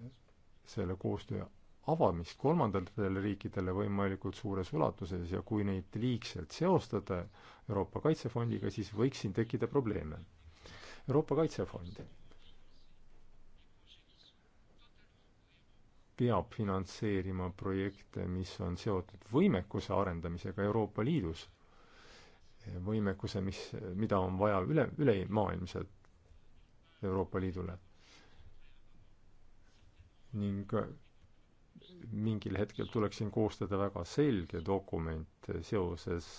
selle koostöö avamist kolmandatele riikidele võimalikult suures ulatuses ja kui neid liigselt seostada Euroopa Kaitsefondiga, siis võiks siin tekkida probleeme Euroopa Kaitsefond peab finantseerima projekte, mis on seotud võimekuse arendamisega Euroopa Liidus, võimekuse, mis, mida on vaja üle, ülemaailmselt Euroopa Liidule. ning mingil hetkel tuleks siin koostada väga selge dokument seoses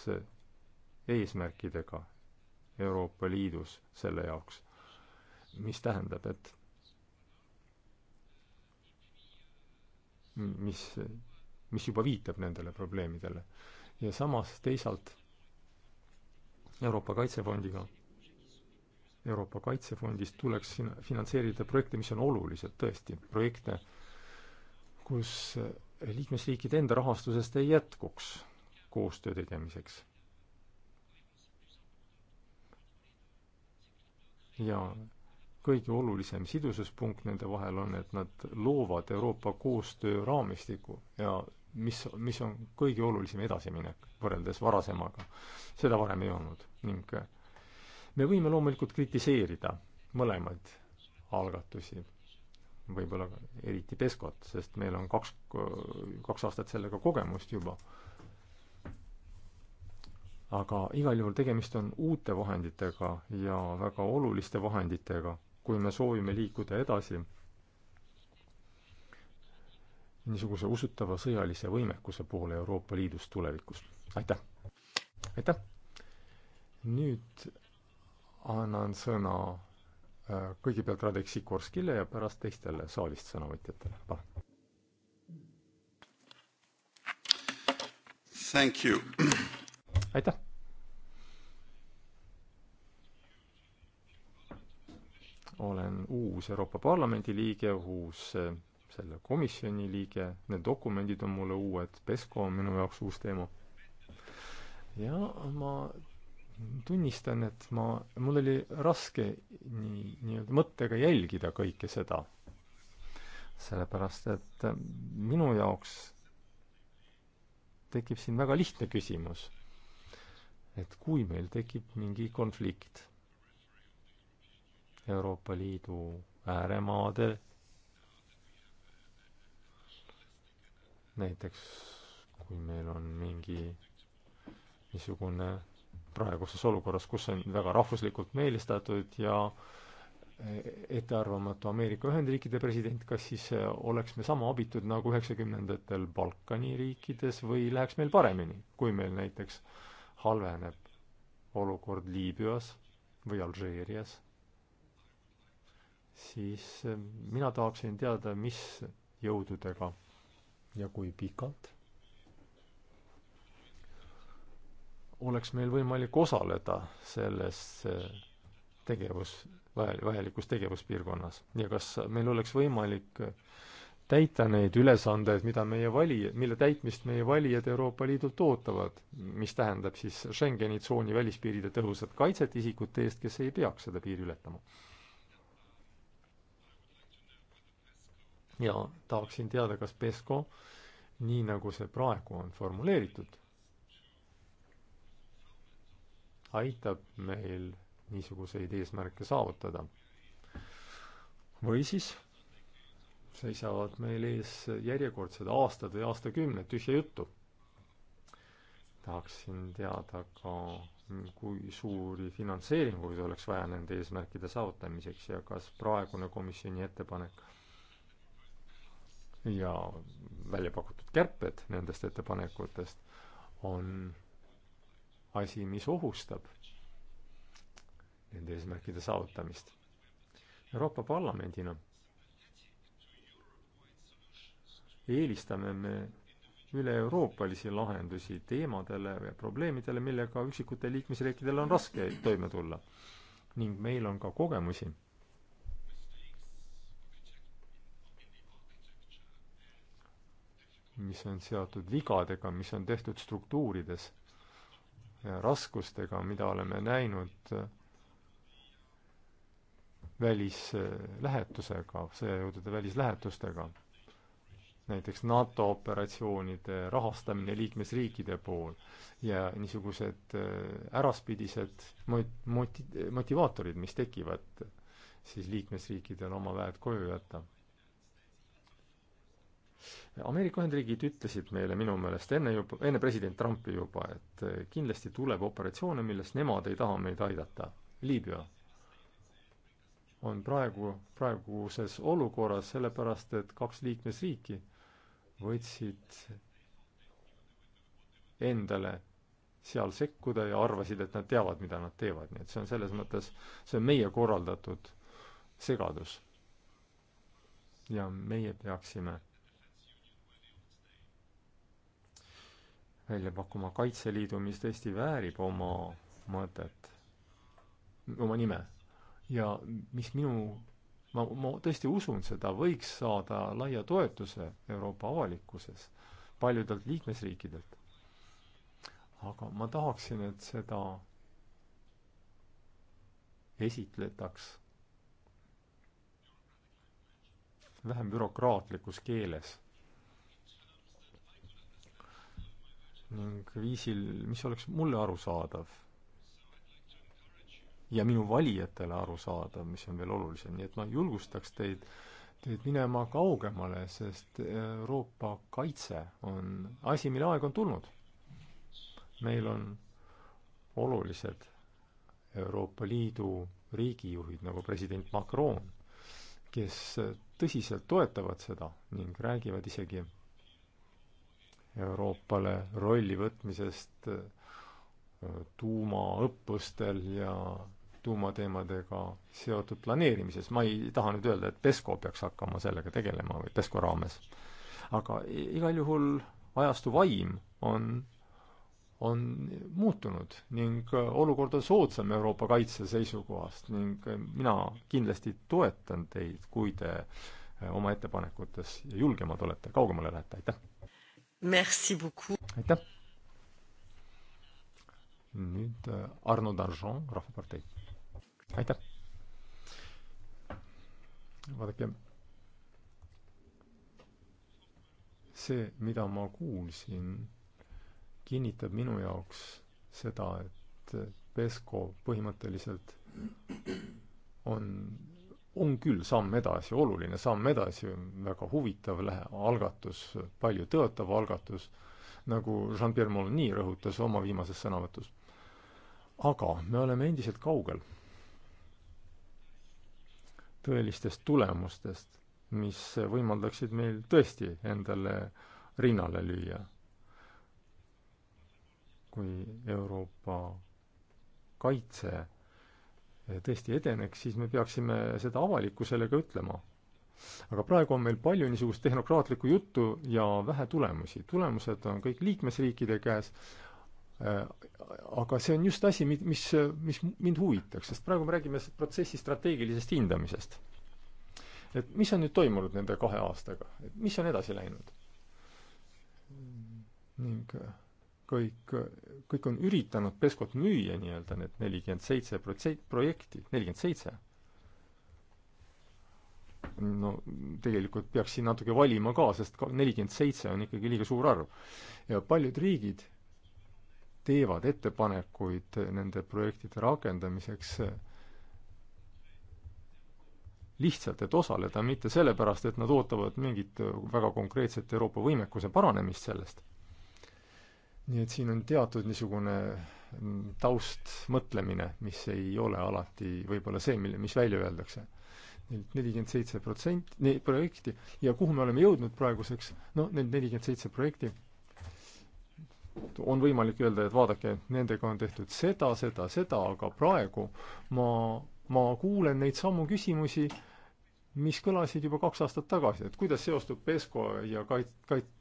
eesmärkidega Euroopa Liidus selle jaoks. mis tähendab, et mis, mis juba viitab nendele probleemidele. ja samas teisalt Euroopa Kaitsefondiga Euroopa Kaitsefondist tuleks fin-, finantseerida projekte, mis on olulised tõesti, projekte, kus liikmesriikide enda rahastusest ei jätkuks koostöö tegemiseks. ja kõige olulisem sidususpunkt nende vahel on, et nad loovad Euroopa koostööraamistiku ja mis, mis on kõige olulisem edasiminek võrreldes varasemaga. seda varem ei olnud ning eh, me võime loomulikult kritiseerida mõlemaid algatusi, võib-olla eriti Peskot, sest meil on kaks, kaks aastat sellega kogemust juba aga igal juhul tegemist on uute vahenditega ja väga oluliste vahenditega, kui me soovime liikuda edasi niisuguse usutava sõjalise võimekuse poole Euroopa Liidus tulevikus. aitäh! aitäh! nüüd annan sõna äh, kõigepealt Radek Sikorskile ja pärast teistele saalist sõnavõtjatele, palun. Thank you aitäh! olen uus Euroopa Parlamendi liige, uus eh, selle komisjoni liige, need dokumendid on mulle uued, PESCO on minu jaoks uus teema. ja ma tunnistan, et ma, mul oli raske nii, nii-öelda mõttega jälgida kõike seda. sellepärast, et minu jaoks tekib siin väga lihtne küsimus et kui meil tekib mingi konflikt Euroopa Liidu ääremaadel, näiteks kui meil on mingi niisugune praeguses olukorras, kus on väga rahvuslikult meelistatud ja ettearvamatu Ameerika Ühendriikide president, kas siis äh, oleks me sama abitud nagu üheksakümnendatel Balkani riikides või läheks meil paremini, kui meil näiteks äh, halveneb olukord Liibüas või Alžeerias, siis eh, mina tahaksin teada, mis jõududega ja kui pikalt oleks meil võimalik osaleda selles eh, tegevus, vajalikus tegevuspiirkonnas ja kas meil oleks võimalik eh, täita neid ülesandeid, mida meie valija, mille täitmist meie valijad Euroopa Liidult ootavad, mis tähendab siis Schengeni tsooni välispiiride tõhusat kaitset isikute eest, kes ei peaks seda piiri ületama. ja tahaksin teada, kas PESCO, nii nagu see praegu on formuleeritud, aitab meil niisuguseid eesmärke saavutada. või siis seisavad meil ees järjekordsed aastad või aastakümned tühja juttu. tahaksin teada ka, kui suuri finantseeringuid oleks vaja nende eesmärkide saavutamiseks ja kas praegune komisjoni ettepanek ja välja pakutud kärped nendest ettepanekutest on asi, mis ohustab nende eesmärkide saavutamist. Euroopa Parlamendina no eelistame me üle-euroopalisi lahendusi teemadele ja probleemidele, millega üksikutel liikmesriikidel on raske toime tulla. ning meil on ka kogemusi mis on seotud vigadega, mis on tehtud struktuurides ja raskustega, mida oleme näinud äh, välislähetusega, sõjajõudude välislähetustega näiteks NATO operatsioonide rahastamine liikmesriikide pool ja niisugused äh, äraspidised moti-, motivaatorid, mis tekivad siis liikmesriikidel oma väed koju jätta. Ameerika Ühendriigid ütlesid meile minu meelest enne juba, enne president Trumpi juba, et äh, kindlasti tuleb operatsioone, milles nemad ei taha meid aidata. Liibüa on praegu, praeguses olukorras, sellepärast et kaks liikmesriiki võtsid endale seal sekkuda ja arvasid, et nad teavad, mida nad teevad, nii et see on selles mõttes, see on meie korraldatud segadus. ja meie peaksime välja pakkuma Kaitseliidu, mis tõesti väärib oma mõtet, oma nime. ja mis minu ma, ma tõesti usun seda, võiks saada laia toetuse Euroopa avalikkuses paljudelt liikmesriikidelt. aga ma tahaksin, et seda esitletaks vähem bürokraatlikus keeles ning viisil, mis oleks mulle arusaadav ja minu valijatele aru saada, mis on veel olulisem, nii et ma julgustaks teid, teid minema kaugemale, sest Euroopa kaitse on asi, mille aeg on tulnud. meil on olulised Euroopa Liidu riigijuhid nagu president Macron, kes tõsiselt toetavad seda ning räägivad isegi Euroopale rolli võtmisest äh, tuumaõppustel ja tuumateemadega seotud planeerimises. ma ei taha nüüd öelda, et PESCO peaks hakkama sellega tegelema või PESCO raames. aga igal juhul ajastu vaim on, on muutunud ning olukord on soodsam Euroopa kaitse seisukohast ning mina kindlasti toetan teid, kui te oma ettepanekutes julgemad olete, kaugemale lähete, aitäh! aitäh! nüüd äh, Arno Danjon, Rahvapartei. aitäh! vaadake, see, mida ma kuulsin, kinnitab minu jaoks seda, et Pesco põhimõtteliselt on, on küll samm edasi, oluline samm edasi, väga huvitav lähe-, algatus, palju tõotav algatus, nagu Jean-Pierre Molny rõhutas oma viimases sõnavõtus aga me oleme endiselt kaugel tõelistest tulemustest, mis võimaldaksid meil tõesti endale rinnale lüüa. kui Euroopa kaitse tõesti edeneks, siis me peaksime seda avalikkusele ka ütlema. aga praegu on meil palju niisugust tehnokraatlikku juttu ja vähe tulemusi. tulemused on kõik liikmesriikide käes, Äh, aga see on just asi, mis, mis mind huvitaks, sest praegu me räägime protsessi strateegilisest hindamisest. et mis on nüüd toimunud nende kahe aastaga, et mis on edasi läinud? ning äh, kõik, kõik on üritanud Peskot müüa nii-öelda need nelikümmend seitse protsenti, projekti, nelikümmend seitse. no tegelikult peaks siin natuke valima ka, sest nelikümmend seitse on ikkagi liiga suur arv. ja paljud riigid teevad ettepanekuid nende projektide rakendamiseks lihtsalt, et osaleda, mitte sellepärast, et nad ootavad mingit väga konkreetset Euroopa võimekuse paranemist sellest. nii et siin on teatud niisugune taustmõtlemine, mis ei ole alati võib-olla see, mille, mis välja öeldakse. Need nelikümmend seitse protsenti, neid projekti ja kuhu me oleme jõudnud praeguseks, noh, need nelikümmend seitse projekti on võimalik öelda, et vaadake, nendega on tehtud seda, seda, seda, aga praegu ma, ma kuulen neid samu küsimusi, mis kõlasid juba kaks aastat tagasi, et kuidas seostub PESCO ja kait-, kait-,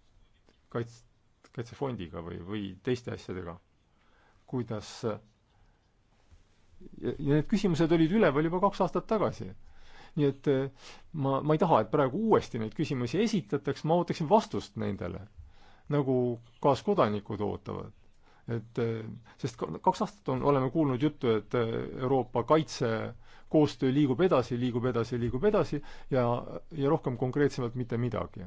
kaits-, kaitsefondiga või, või teiste asjadega. kuidas ja, ja need küsimused olid üleval juba kaks aastat tagasi nii et ma, ma ei taha, et praegu uuesti neid küsimusi esitataks, ma ootaksin vastust nendele nagu kaaskodanikud ootavad. et eh, sest kaks aastat on, oleme kuulnud juttu, et eh, Euroopa kaitsekoostöö liigub edasi, liigub edasi, liigub edasi ja, ja rohkem konkreetsemalt mitte midagi.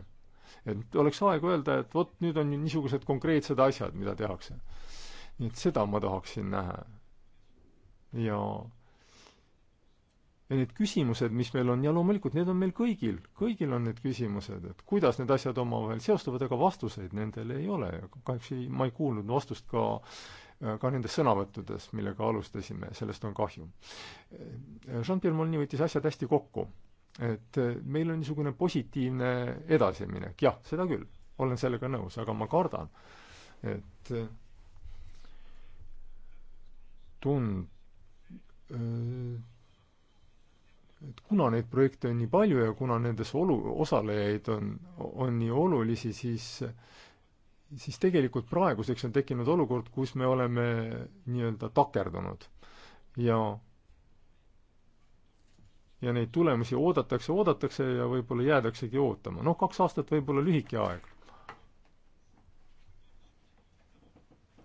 et oleks aeg öelda, et vot nüüd on niisugused konkreetsed asjad, mida tehakse. nii et seda ma tahaksin näha. ja ja need küsimused, mis meil on, ja loomulikult need on meil kõigil, kõigil on need küsimused, et kuidas need asjad omavahel seostuvad, aga vastuseid nendele ei ole ja kahjuks ei, ma ei kuulnud vastust ka ka nendes sõnavõttudes, millega alustasime, sellest on kahju. Jean-Pierre Molny võttis asjad hästi kokku. et meil on niisugune positiivne edasiminek, jah, seda küll, olen sellega nõus, aga ma kardan, et tund-, et kuna neid projekte on nii palju ja kuna nendes olu-, osalejaid on, on nii olulisi, siis siis tegelikult praeguseks on tekkinud olukord, kus me oleme nii-öelda takerdunud. ja ja neid tulemusi oodatakse, oodatakse ja võib-olla jäädaksegi ootama. noh, kaks aastat võib olla lühike aeg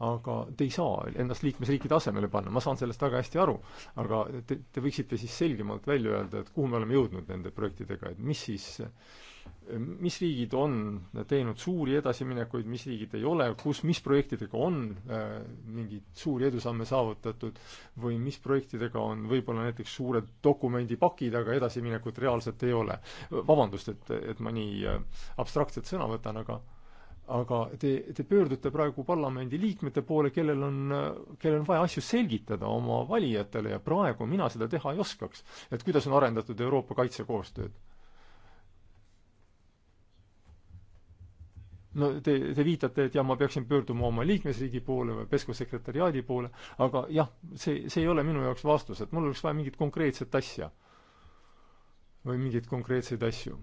aga te ei saa ennast liikmesriigi tasemele panna, ma saan sellest väga hästi aru, aga te, te võiksite siis selgemalt välja öelda, et kuhu me oleme jõudnud nende projektidega, et mis siis, mis riigid on teinud suuri edasiminekuid, mis riigid ei ole, kus, mis projektidega on äh, mingeid suuri edusamme saavutatud või mis projektidega on võib-olla näiteks suured dokumendipakid, aga edasiminekut reaalselt ei ole. vabandust, et, et ma nii äh, abstraktselt sõna võtan, aga aga te, te pöördute praegu parlamendi liikmete poole, kellel on, kellel on vaja asju selgitada oma valijatele ja praegu mina seda teha ei oskaks. et kuidas on arendatud Euroopa kaitsekoostööd? no te, te viitate, et jah, ma peaksin pöörduma oma liikmesriigi poole või PESCO sekretäriaadi poole, aga jah, see, see ei ole minu jaoks vastus, et mul oleks vaja mingit konkreetset asja. või mingeid konkreetseid asju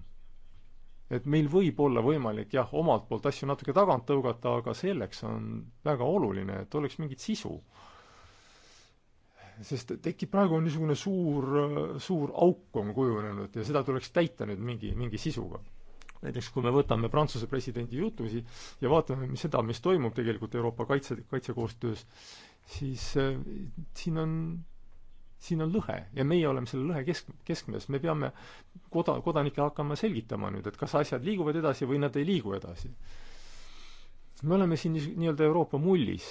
et meil võib olla võimalik jah, omalt poolt asju natuke tagant tõugata, aga selleks on väga oluline, et oleks mingit sisu. sest tekib praegu on niisugune suur, suur auk on kujunenud ja seda tuleks täita nüüd mingi, mingi sisuga näiteks kui me võtame Prantsuse presidendi jutusi ja vaatame mis seda, mis toimub tegelikult Euroopa kaitse, kaitsekoostöös, siis äh, siin on siin on lõhe ja meie oleme selle lõhe kesk, keskmes, me peame koda, kodanikele hakkama selgitama nüüd, et kas asjad liiguvad edasi või nad ei liigu edasi. me oleme siin nii-öelda Euroopa mullis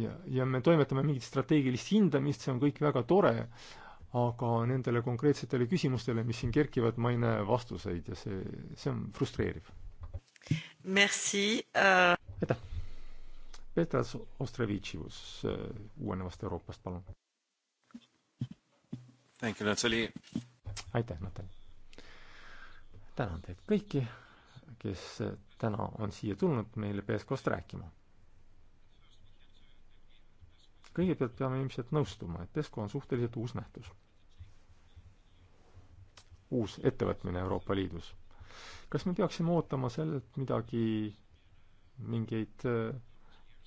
ja, ja me toimetame mingit strateegilist hindamist, see on kõik väga tore, aga nendele konkreetsetele küsimustele, mis siin kerkivad, ma ei näe vastuseid ja see, see on frustreeriv. Merci uh.... aitäh. Petras Ostrevitšius äh, uuenevast Euroopast, palun aitäh, Natalja! tänan teid kõiki, kes täna on siia tulnud meile BSK-st rääkima. kõigepealt peame ilmselt nõustuma, et BSK on suhteliselt uus nähtus. uus ettevõtmine Euroopa Liidus. kas me peaksime ootama sellelt midagi, mingeid äh,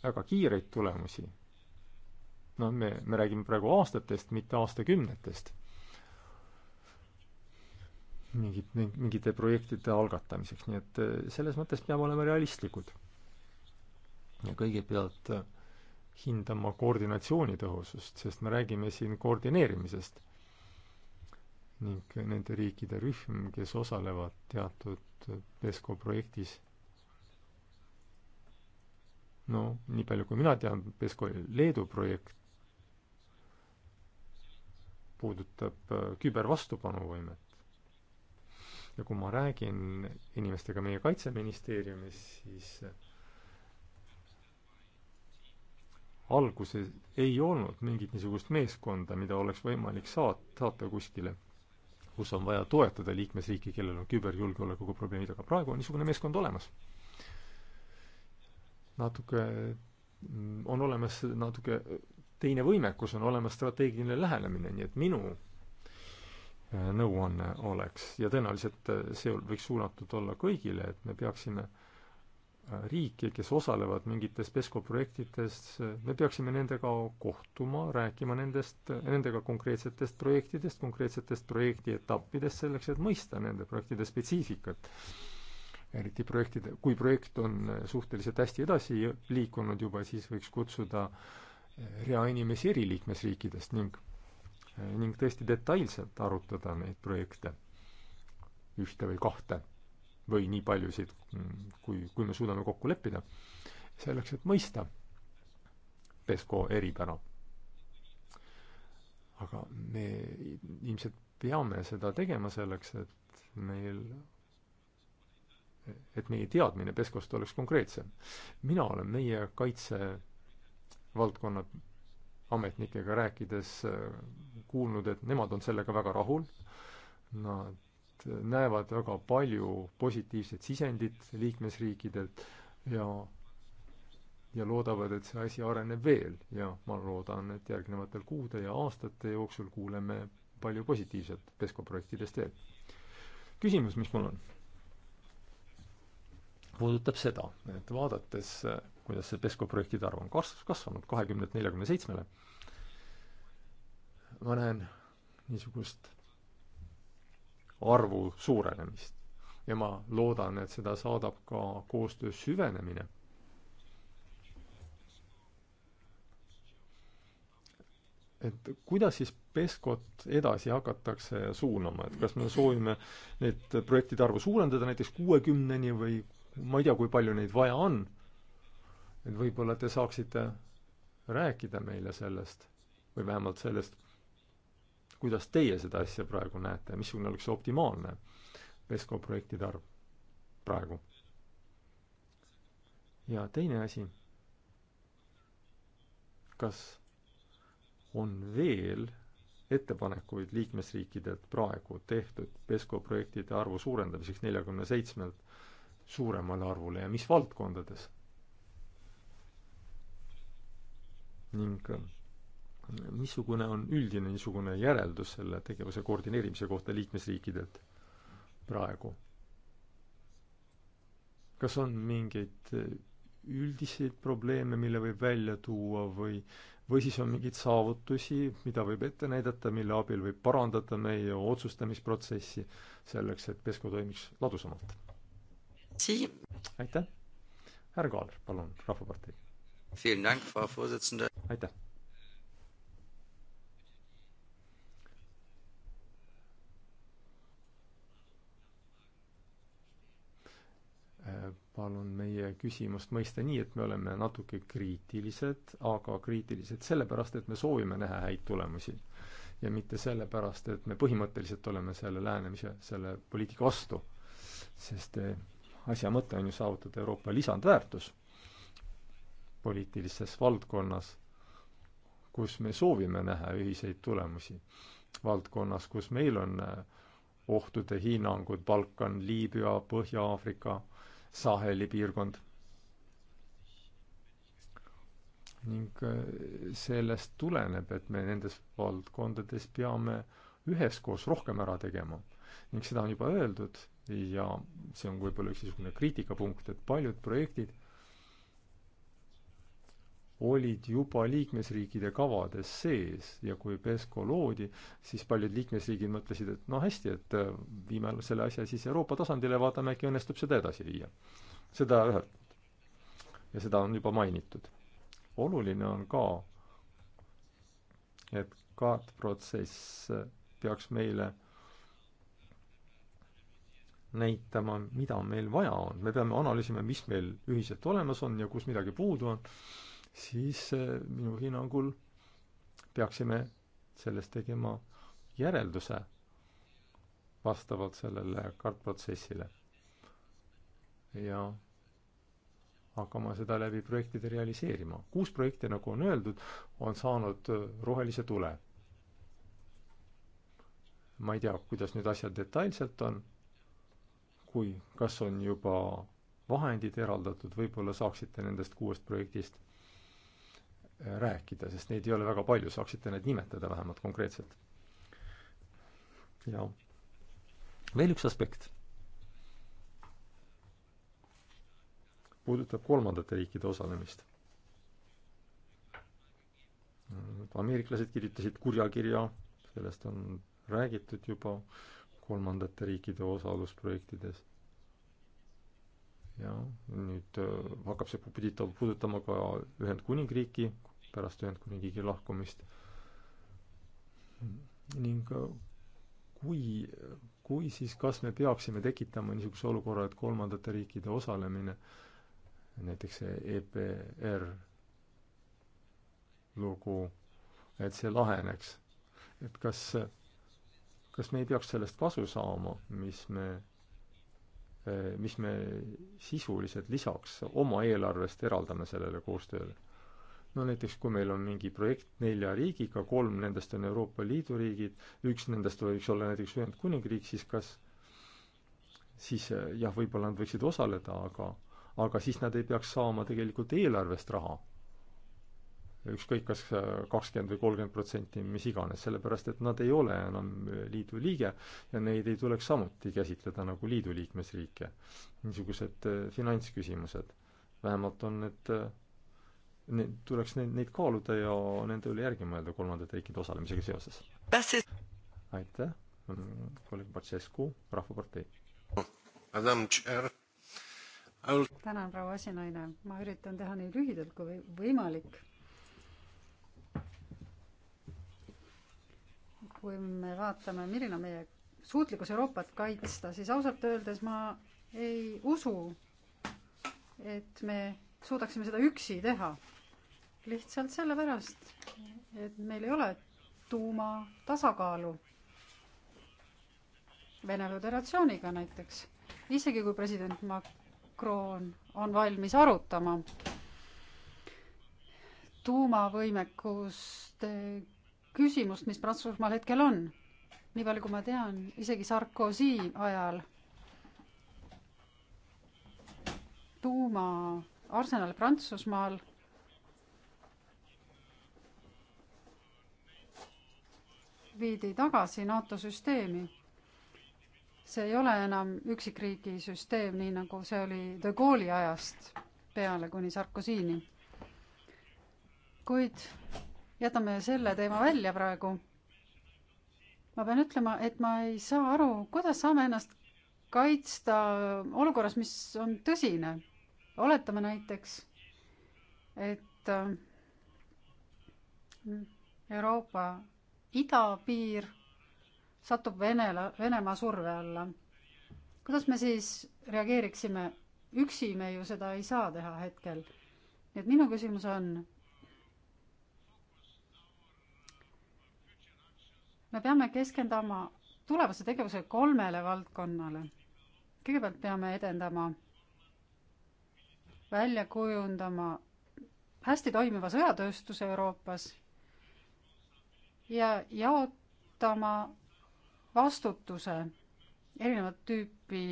väga kiireid tulemusi? no me, me räägime praegu aastatest, mitte aastakümnetest mingit, mingite projektide algatamiseks, nii et äh, selles mõttes peame olema realistlikud. ja kõigepealt äh, hindama koordinatsiooni tõhusust, sest me räägime siin koordineerimisest ning nende riikide rühm, kes osalevad teatud äh, PESCO projektis. no nii palju, kui mina tean, PESCO Leedu projekt puudutab kübervastupanuvõimet ja kui ma räägin inimestega meie Kaitseministeeriumis, siis alguses ei olnud mingit niisugust meeskonda, mida oleks võimalik saat-, saata kuskile, kus on vaja toetada liikmesriiki, kellel on küberjulgeolekuga probleemid, aga praegu on niisugune meeskond olemas. natuke mm, on olemas natuke teine võimekus, on olemas strateegiline lähenemine, nii et minu Äh, nõuanne oleks ja tõenäoliselt äh, see võiks suunatud olla kõigile, et me peaksime äh, riike, kes osalevad mingites PESCO projektides, me peaksime nendega kohtuma, rääkima nendest, nendega konkreetsetest projektidest, konkreetsetest projektietappidest, selleks et mõista nende projektide spetsiifikat. eriti projektide, kui projekt on suhteliselt hästi edasi liikunud juba, siis võiks kutsuda rea inimesi eri liikmesriikidest ning ning tõesti detailselt arutada neid projekte, ühte või kahte või nii paljusid, kui, kui me suudame kokku leppida, selleks, et mõista Pesco eripära. aga me ilmselt peame seda tegema selleks, et meil, et meie teadmine Pescost oleks konkreetsem. mina olen meie kaitsevaldkonna ametnikega rääkides äh, kuulnud, et nemad on sellega väga rahul, nad näevad väga palju positiivset sisendit liikmesriikidelt ja ja loodavad, et see asi areneb veel ja ma loodan, et järgnevatel kuude ja aastate jooksul kuuleme palju positiivset PESCO projektidest veel. küsimus, mis mul on puudutab seda, et vaadates, kuidas see PESCO projektide arv on kas-, kasvanud kahekümnelt neljakümne seitsmele, ma näen niisugust arvu suurenemist. ja ma loodan, et seda saadab ka koostöö süvenemine et kuidas siis Pescot edasi hakatakse suunama, et kas me soovime neid projektide arvu suurendada näiteks kuuekümneni või ma ei tea, kui palju neid vaja on. et võib-olla te saaksite rääkida meile sellest või vähemalt sellest, kuidas teie seda asja praegu näete, missugune oleks optimaalne Vesko projektide arv praegu? ja teine asi, kas on veel ettepanekuid liikmesriikidelt praegu tehtud Pesco projektide arvu suurendamiseks neljakümne seitsmelt suuremale arvule ja mis valdkondades. ning äh, missugune on üldine niisugune järeldus selle tegevuse koordineerimise kohta liikmesriikidelt praegu? kas on mingeid äh, üldiseid probleeme, mille võib välja tuua või, või siis on mingeid saavutusi, mida võib ette näidata, mille abil võib parandada meie otsustamisprotsessi selleks, et pesko toimiks ladusamalt? Si-. aitäh. härra Kaaler, palun, Rahvapartei. aitäh. Äh, palun meie küsimust mõista nii, et me oleme natuke kriitilised, aga kriitilised sellepärast, et me soovime näha häid tulemusi. ja mitte sellepärast, et me põhimõtteliselt oleme selle lähenemise, selle poliitika vastu. sest äh, asja mõte on ju saavutada Euroopa lisandväärtus poliitilises valdkonnas, kus me soovime näha ühiseid tulemusi. valdkonnas, kus meil on äh, ohtude hinnangud Balkan, Liibüa, Põhja-Aafrika, Saheli piirkond. ning äh, sellest tuleneb, et me nendes valdkondades peame üheskoos rohkem ära tegema. ning seda on juba öeldud ja see on võib-olla üks niisugune kriitikapunkt, et paljud projektid olid juba liikmesriikide kavades sees ja kui PESCO loodi, siis paljud liikmesriigid mõtlesid, et no hästi, et äh, viime selle asja siis Euroopa tasandile, vaatame, äkki õnnestub seda edasi viia. seda ühelt poolt. ja seda on juba mainitud. oluline on ka, et kaartprotsess peaks meile näitama, mida meil vaja on, me peame analüüsima, mis meil ühiselt olemas on ja kus midagi puudu on, siis eh, minu hinnangul peaksime sellest tegema järelduse vastavalt sellele kartprotsessile. ja hakkama seda läbi projektide realiseerima. kuus projekti, nagu on öeldud, on saanud eh, rohelise tule. ma ei tea, kuidas nüüd asjad detailselt on kui, kas on juba vahendid eraldatud, võib-olla saaksite nendest kuuest projektist äh, rääkida, sest neid ei ole väga palju, saaksite need nimetada vähemalt konkreetselt. ja veel üks aspekt. puudutab kolmandate riikide osalemist. ameeriklased kirjutasid kurja kirja, sellest on räägitud juba, kolmandate riikide osalusprojektides. ja nüüd äh, hakkab see puditav, puudutama ka Ühendkuningriiki pärast Ühendkuningriigi lahkumist. ning äh, kui, kui, siis kas me peaksime tekitama niisuguse olukorra, et kolmandate riikide osalemine näiteks see EPR lugu, et see laheneks. et kas kas me ei peaks sellest kasu saama, mis me, eh, mis me sisuliselt lisaks oma eelarvest eraldame sellele koostööle? no näiteks kui meil on mingi projekt nelja riigiga, kolm nendest on Euroopa Liidu riigid, üks nendest võiks olla näiteks Ühendkuningriik, siis kas, siis eh, jah, võib-olla nad võiksid osaleda, aga aga siis nad ei peaks saama tegelikult eelarvest raha ükskõik, kas äh, kakskümmend või kolmkümmend protsenti, mis iganes, sellepärast et nad ei ole enam äh, liidu liige ja neid ei tuleks samuti käsitleda nagu liidu liikmesriike. niisugused äh, finantsküsimused. vähemalt on need, need, tuleks neid, neid kaaluda ja nende üle järgi mõelda kolmandate riikide osalemisega seoses. aitäh, kolleeg Patsescu, Rahvapartei. tänan, proua esinaine, ma üritan teha nii lühidalt kui võimalik kui me vaatame, milline on meie suutlikkus Euroopat kaitsta, siis ausalt öeldes ma ei usu, et me suudaksime seda üksi teha. lihtsalt sellepärast, et meil ei ole tuumatasakaalu Vene Föderatsiooniga näiteks. isegi kui president Macron on valmis arutama tuumavõimekust küsimust, mis Prantsusmaal hetkel on. nii palju, kui ma tean, isegi Sarkozy ajal tuumaarsenal Prantsusmaal viidi tagasi NATO süsteemi. see ei ole enam üksikriigi süsteem, nii nagu see oli De Gaulle'i ajast peale kuni Sarkozyni. kuid jätame selle teema välja praegu. ma pean ütlema, et ma ei saa aru, kuidas saame ennast kaitsta olukorras, mis on tõsine. oletame näiteks, et äh, Euroopa idapiir satub Venela, Venemaa surve alla. kuidas me siis reageeriksime? üksi me ju seda ei saa teha hetkel. nii et minu küsimus on, me peame keskenduma tulevase tegevuse kolmele valdkonnale. kõigepealt peame edendama, välja kujundama hästi toimiva sõjatööstuse Euroopas ja jaotama vastutuse erinevat tüüpi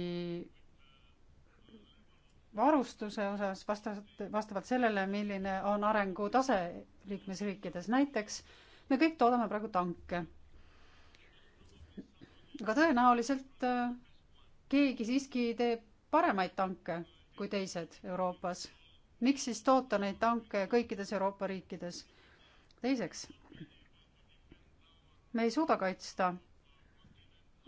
varustuse osas vastavalt, vastavalt sellele, milline on arengutase liikmesriikides. näiteks me kõik toodame praegu tanke aga tõenäoliselt äh, keegi siiski teeb paremaid tanke kui teised Euroopas. miks siis toota neid tanke kõikides Euroopa riikides? teiseks, me ei suuda kaitsta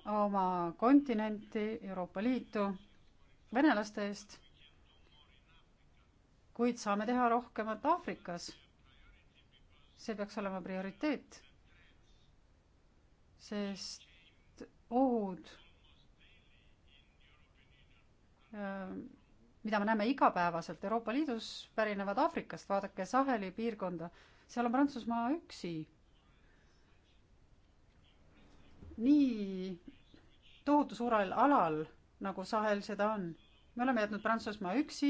oma kontinenti, Euroopa Liitu venelaste eest, kuid saame teha rohkemat Aafrikas. see peaks olema prioriteet, sest ohud, ähm, mida me näeme igapäevaselt Euroopa Liidus, pärinevad Aafrikast, vaadake Saheli piirkonda, seal on Prantsusmaa üksi. nii tohutu suurel alal, nagu Sahel seda on. me oleme jätnud Prantsusmaa üksi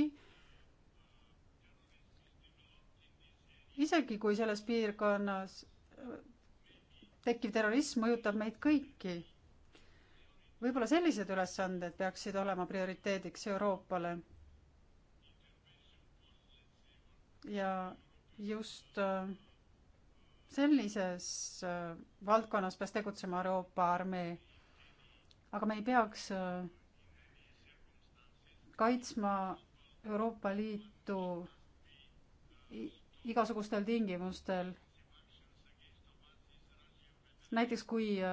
isegi kui selles piirkonnas äh, tekkiv terrorism mõjutab meid kõiki võib-olla sellised ülesanded peaksid olema prioriteediks Euroopale. ja just äh, sellises äh, valdkonnas peaks tegutsema Euroopa armee. aga me ei peaks äh, kaitsma Euroopa Liitu igasugustel tingimustel näiteks kui äh,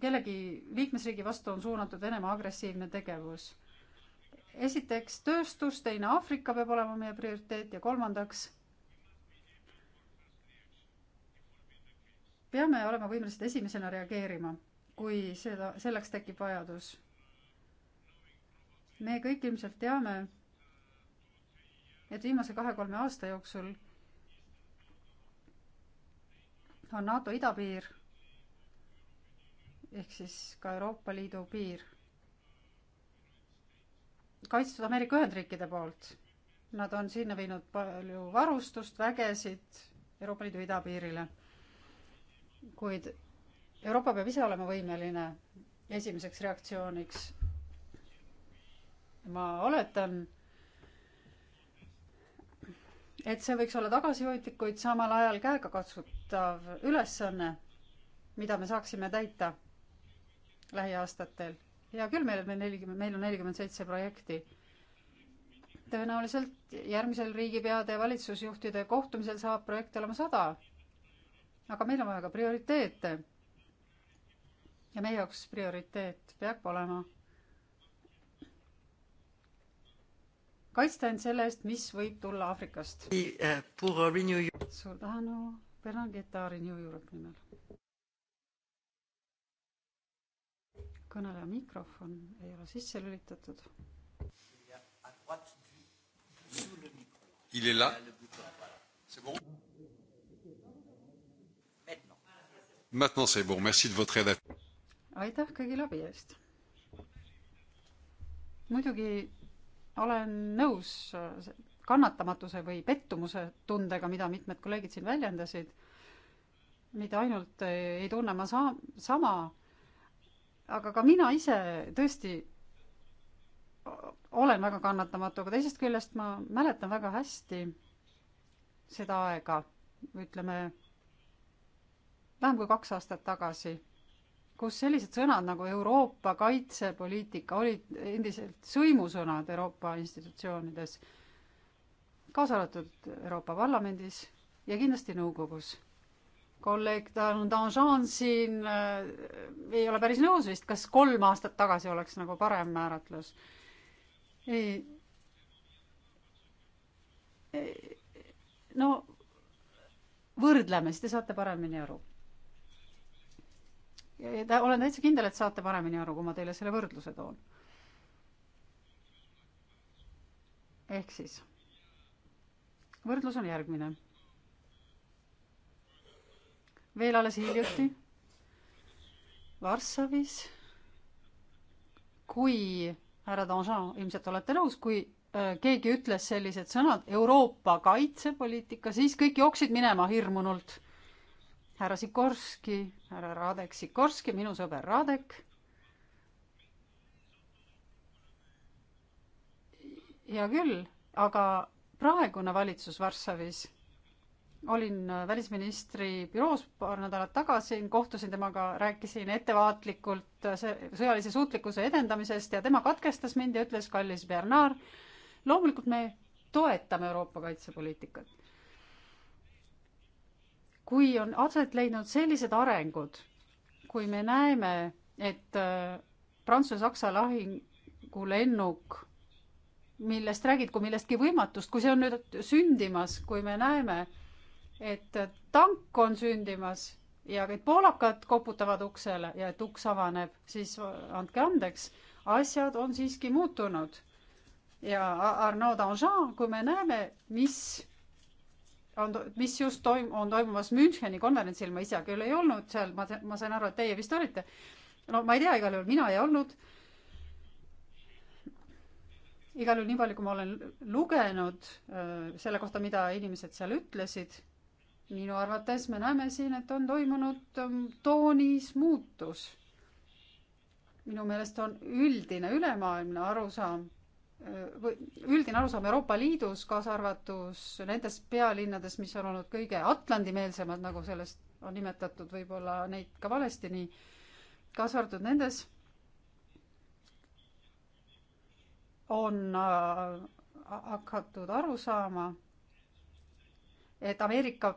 kellegi liikmesriigi vastu on suunatud Venemaa agressiivne tegevus. esiteks tööstus, teine Aafrika peab olema meie prioriteet ja kolmandaks peame olema võimelised esimesena reageerima, kui seda, selleks tekib vajadus. me kõik ilmselt teame, et viimase kahe-kolme aasta jooksul on NATO idapiir ehk siis ka Euroopa Liidu piir kaitstud Ameerika Ühendriikide poolt. Nad on sinna viinud palju varustust, vägesid Euroopa Liidu idapiirile. kuid Euroopa peab ise olema võimeline esimeseks reaktsiooniks. ma oletan, et see võiks olla tagasihoidlik, kuid samal ajal käegakatsutav ülesanne, mida me saaksime täita lähiaastatel. hea küll, meil on nelikümmend, meil on nelikümmend seitse projekti. tõenäoliselt järgmisel riigipeade ja valitsusjuhtide kohtumisel saab projekte olema sada. aga meil on vaja ka prioriteete. ja meie jaoks prioriteet peab olema kaitsta end selle eest, mis võib tulla Aafrikast. Uh, suur tänu, Bernard Guetta Renew Europe nimel. kõneleja mikrofon ei ole sisse lülitatud. Il est là. C'est bon Maintenant c'est bon, merci de votre aide. aitäh kõigile abi eest. muidugi olen nõus äh, kannatamatuse või pettumuse tundega, mida mitmed kolleegid siin väljendasid. mitte ainult ei tunne ma sa-, sama aga ka mina ise tõesti olen väga kannatamatu, aga teisest küljest ma mäletan väga hästi seda aega, ütleme vähem kui kaks aastat tagasi, kus sellised sõnad nagu Euroopa kaitsepoliitika olid endiselt sõimusõnad Euroopa institutsioonides, kaasa arvatud Euroopa Parlamendis ja kindlasti nõukogus kolleeg Danjean siin äh, ei ole päris nõus vist, kas kolm aastat tagasi oleks nagu parem määratlus? ei. no võrdleme, siis te saate paremini aru. olen täitsa kindel, et saate paremini aru, kui ma teile selle võrdluse toon. ehk siis võrdlus on järgmine veel alles hiljuti Varssavis, kui härra Danjean, ilmselt olete nõus, kui äh, keegi ütles sellised sõnad Euroopa kaitsepoliitika, siis kõik jooksid minema hirmunult. härra Sikorski, härra Radek Sikorski, minu sõber Radek. hea küll, aga praegune valitsus Varssavis olin äh, välisministri büroos paar nädalat tagasi, kohtusin temaga, rääkisin ettevaatlikult äh, sõjalise suutlikkuse edendamisest ja tema katkestas mind ja ütles, kallis Bernard, loomulikult me toetame Euroopa kaitsepoliitikat. kui on aset leidnud sellised arengud, kui me näeme, et äh, Prantsuse-Saksa lahingulennuk, millest räägid kui millestki võimatust, kui see on nüüd sündimas, kui me näeme, et tank on sündimas ja kõik poolakad koputavad uksele ja et uks avaneb, siis andke andeks, asjad on siiski muutunud. ja Arnaud Danjean, kui me näeme, mis on, mis just toim-, on toimumas Müncheni konverentsil, ma ise küll ei olnud seal, ma, ma sain aru, et teie vist olite. no ma ei tea, igal juhul mina ei olnud. igal juhul nii palju, kui ma olen lugenud äh, selle kohta, mida inimesed seal ütlesid minu arvates me näeme siin, et on toimunud ähm, toonis muutus. minu meelest on üldine ülemaailmne arusaam äh, või üldine arusaam Euroopa Liidus, kaasa arvatus nendes pealinnades, mis on olnud kõige Atlandi-meelsemad, nagu sellest on nimetatud, võib-olla neid ka valesti nii, kaasa arvatud nendes on äh, hakatud aru saama, et Ameerika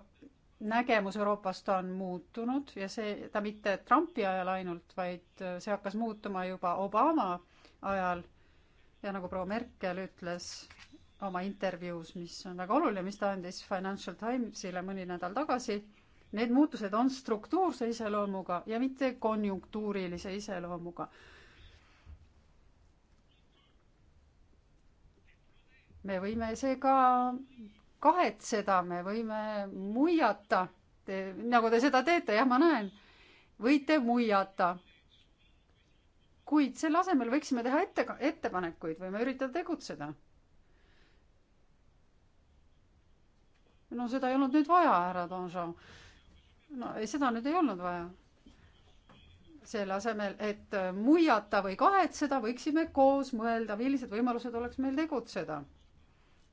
nägemus Euroopast on muutunud ja see, ta mitte Trumpi ajal ainult, vaid see hakkas muutuma juba Obama ajal. ja nagu proua Merkel ütles oma intervjuus, mis on väga oluline, mis ta andis Financial Timesile mõni nädal tagasi, need muutused on struktuurse iseloomuga ja mitte konjunktuurilise iseloomuga. me võime seega kahetseda, me võime muiata. nagu te seda teete, jah, ma näen, võite muiata. kuid selle asemel võiksime teha ette, ettepanekuid, võime üritada tegutseda. no seda ei olnud nüüd vaja, härra Donjon. no ei, seda nüüd ei olnud vaja. selle asemel, et muiata või kahetseda, võiksime koos mõelda, millised võimalused oleks meil tegutseda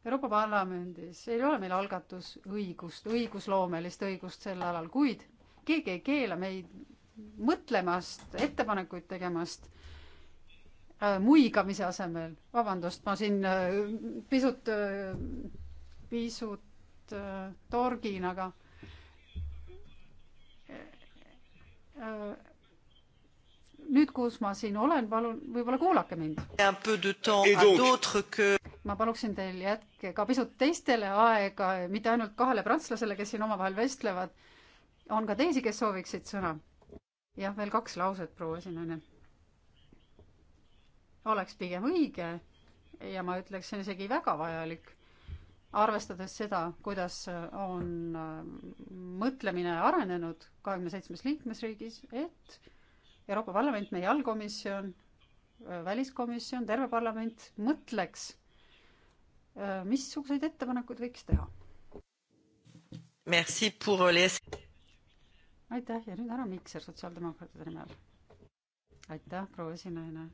Euroopa Parlamendis ei ole meil algatusõigust, õigusloomelist õigust sel alal, kuid keegi ei keela meid mõtlemast, ettepanekuid tegemast äh,, muigamise asemel, vabandust, ma siin äh, pisut äh,, pisut äh, torgin, aga äh, nüüd, kus ma siin olen, palun, võib-olla kuulake mind. Que ma paluksin teil jätke ka pisut teistele aega, mitte ainult kahele prantslasele, kes siin omavahel vestlevad. on ka teisi, kes sooviksid sõna? jah, veel kaks lauset, proua esinaine. oleks pigem õige ja ma ütleksin isegi väga vajalik, arvestades seda, kuidas on äh, mõtlemine arenenud kahekümne seitsmes liikmesriigis, et Euroopa Parlament, meie allkomisjon, äh, väliskomisjon, terve parlament mõtleks Äh, missuguseid ettepanekuid võiks teha? aitäh ja nüüd härra Mikser sotsiaaldemokraatide nimel. aitäh, proua esinaine.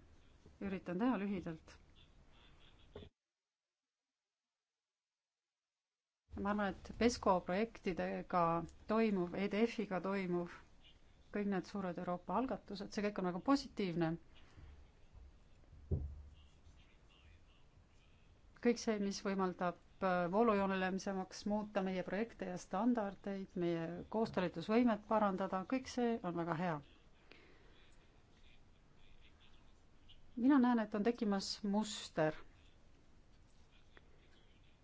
üritan teha lühidalt. ma arvan, et PESCO projektidega toimuv, EDF-iga toimuv, kõik need suured Euroopa algatused, see kõik on väga positiivne kõik see, mis võimaldab äh, voolujoonelemisemaks muuta meie projekte ja standardeid, meie koostalitusvõimet parandada, kõik see on väga hea. mina näen, et on tekkimas muster.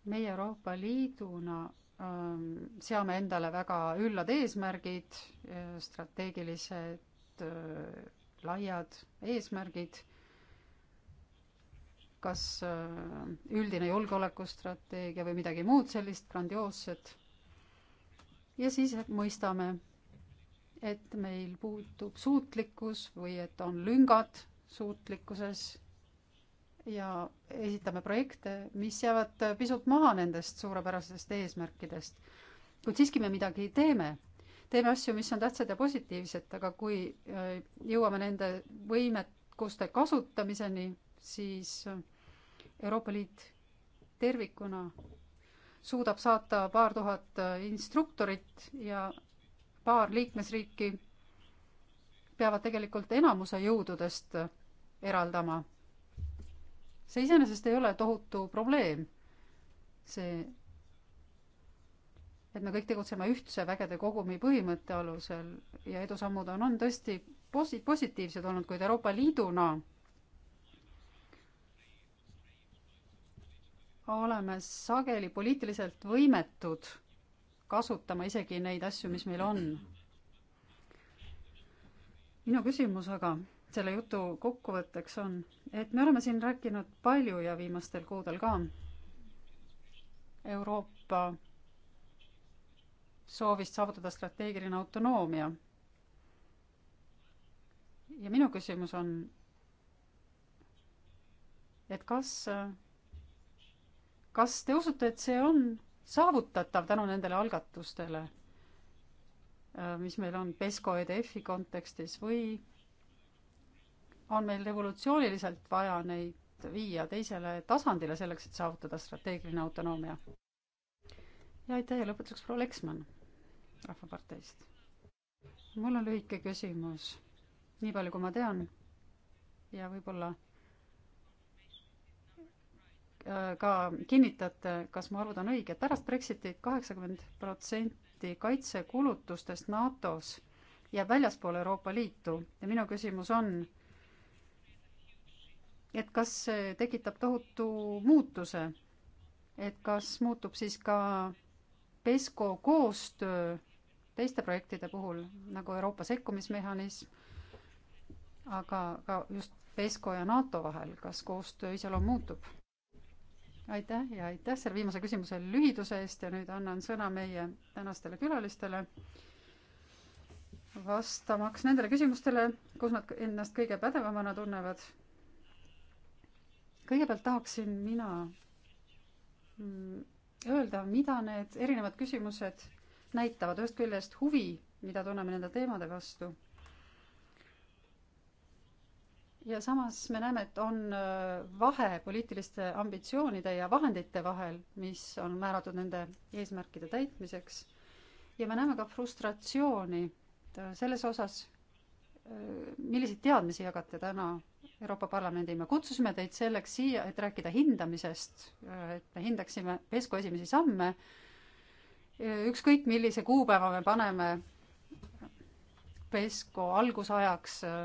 meie Euroopa Liiduna ähm, seame endale väga üllad eesmärgid, äh, strateegilised äh, laiad eesmärgid kas äh, üldine julgeolekustrateegia või midagi muud sellist grandioosset. ja siis mõistame, et meil puutub suutlikkus või et on lüngad suutlikkuses ja esitame projekte, mis jäävad pisut maha nendest suurepärasest eesmärkidest. kuid siiski me midagi teeme, teeme asju, mis on tähtsad ja positiivsed, aga kui äh, jõuame nende võimekuste kasutamiseni, siis äh, Euroopa Liit tervikuna suudab saata paar tuhat äh, instruktorit ja paar liikmesriiki peavad tegelikult enamuse jõududest äh, eraldama. see iseenesest ei ole tohutu probleem. see, et me kõik tegutseme ühtse vägede kogumi põhimõtte alusel ja edusammud on, on tõesti posi-, positiivsed olnud, kuid Euroopa Liiduna oleme sageli poliitiliselt võimetud kasutama isegi neid asju, mis meil on. minu küsimus aga selle jutu kokkuvõtteks on, et me oleme siin rääkinud palju ja viimastel kuudel ka Euroopa soovist saavutada strateegiline autonoomia. ja minu küsimus on, et kas kas te usute, et see on saavutatav tänu nendele algatustele, äh, mis meil on PESCO EDF-i kontekstis või on meil revolutsiooniliselt vaja neid viia teisele tasandile selleks, et saavutada strateegiline autonoomia? ja aitäh ja lõpetuseks proua Leksmann Rahvaparteist. mul on lühike küsimus, nii palju kui ma tean ja võib-olla ka kinnitate, kas mu arvud on õiged. pärast Brexitit kaheksakümmend protsenti kaitsekulutustest NATO-s jääb väljaspool Euroopa Liitu ja minu küsimus on, et kas see tekitab tohutu muutuse, et kas muutub siis ka PESCO koostöö teiste projektide puhul, nagu Euroopa sekkumismehhanism, aga ka just PESCO ja NATO vahel, kas koostöö iseloom muutub? aitäh ja aitäh selle viimase küsimuse lühiduse eest ja nüüd annan sõna meie tänastele külalistele, vastamaks nendele küsimustele, kus nad ennast kõige pädevamana tunnevad. kõigepealt tahaksin mina mm, öelda, mida need erinevad küsimused näitavad, ühest küljest huvi, mida tunneme nende teemade vastu ja samas me näeme, et on äh, vahe poliitiliste ambitsioonide ja vahendite vahel, mis on määratud nende eesmärkide täitmiseks. ja me näeme ka frustratsiooni äh, selles osas, äh, milliseid teadmisi jagate täna Euroopa Parlamendi, me kutsusime teid selleks siia, et rääkida hindamisest, et me hindaksime PESCO esimesi samme, ükskõik millise kuupäeva me paneme PESCO algusajaks äh,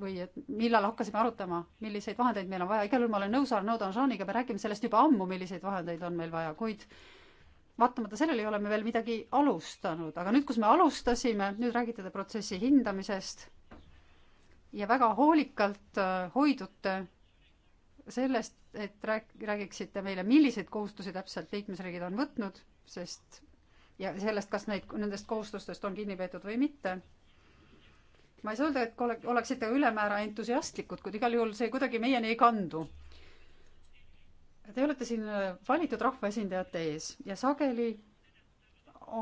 või et millal hakkasime arutama, milliseid vahendeid meil on vaja, igal juhul ma olen nõus Arnaud Anžaniga, me räägime sellest juba ammu, milliseid vahendeid on meil vaja, kuid vaatamata sellele ei ole me veel midagi alustanud, aga nüüd, kus me alustasime, nüüd räägite te protsessi hindamisest ja väga hoolikalt äh, hoidute sellest, et rääk-, räägiksite meile, milliseid kohustusi täpselt liikmesriigid on võtnud, sest ja sellest, kas neid, nendest kohustustest on kinni peetud või mitte ma ei saa öelda, et oleksite ülemäära entusiastlikud, kuid igal juhul see kuidagi meieni ei kandu. Te olete siin äh, valitud rahvaesindajate ees ja sageli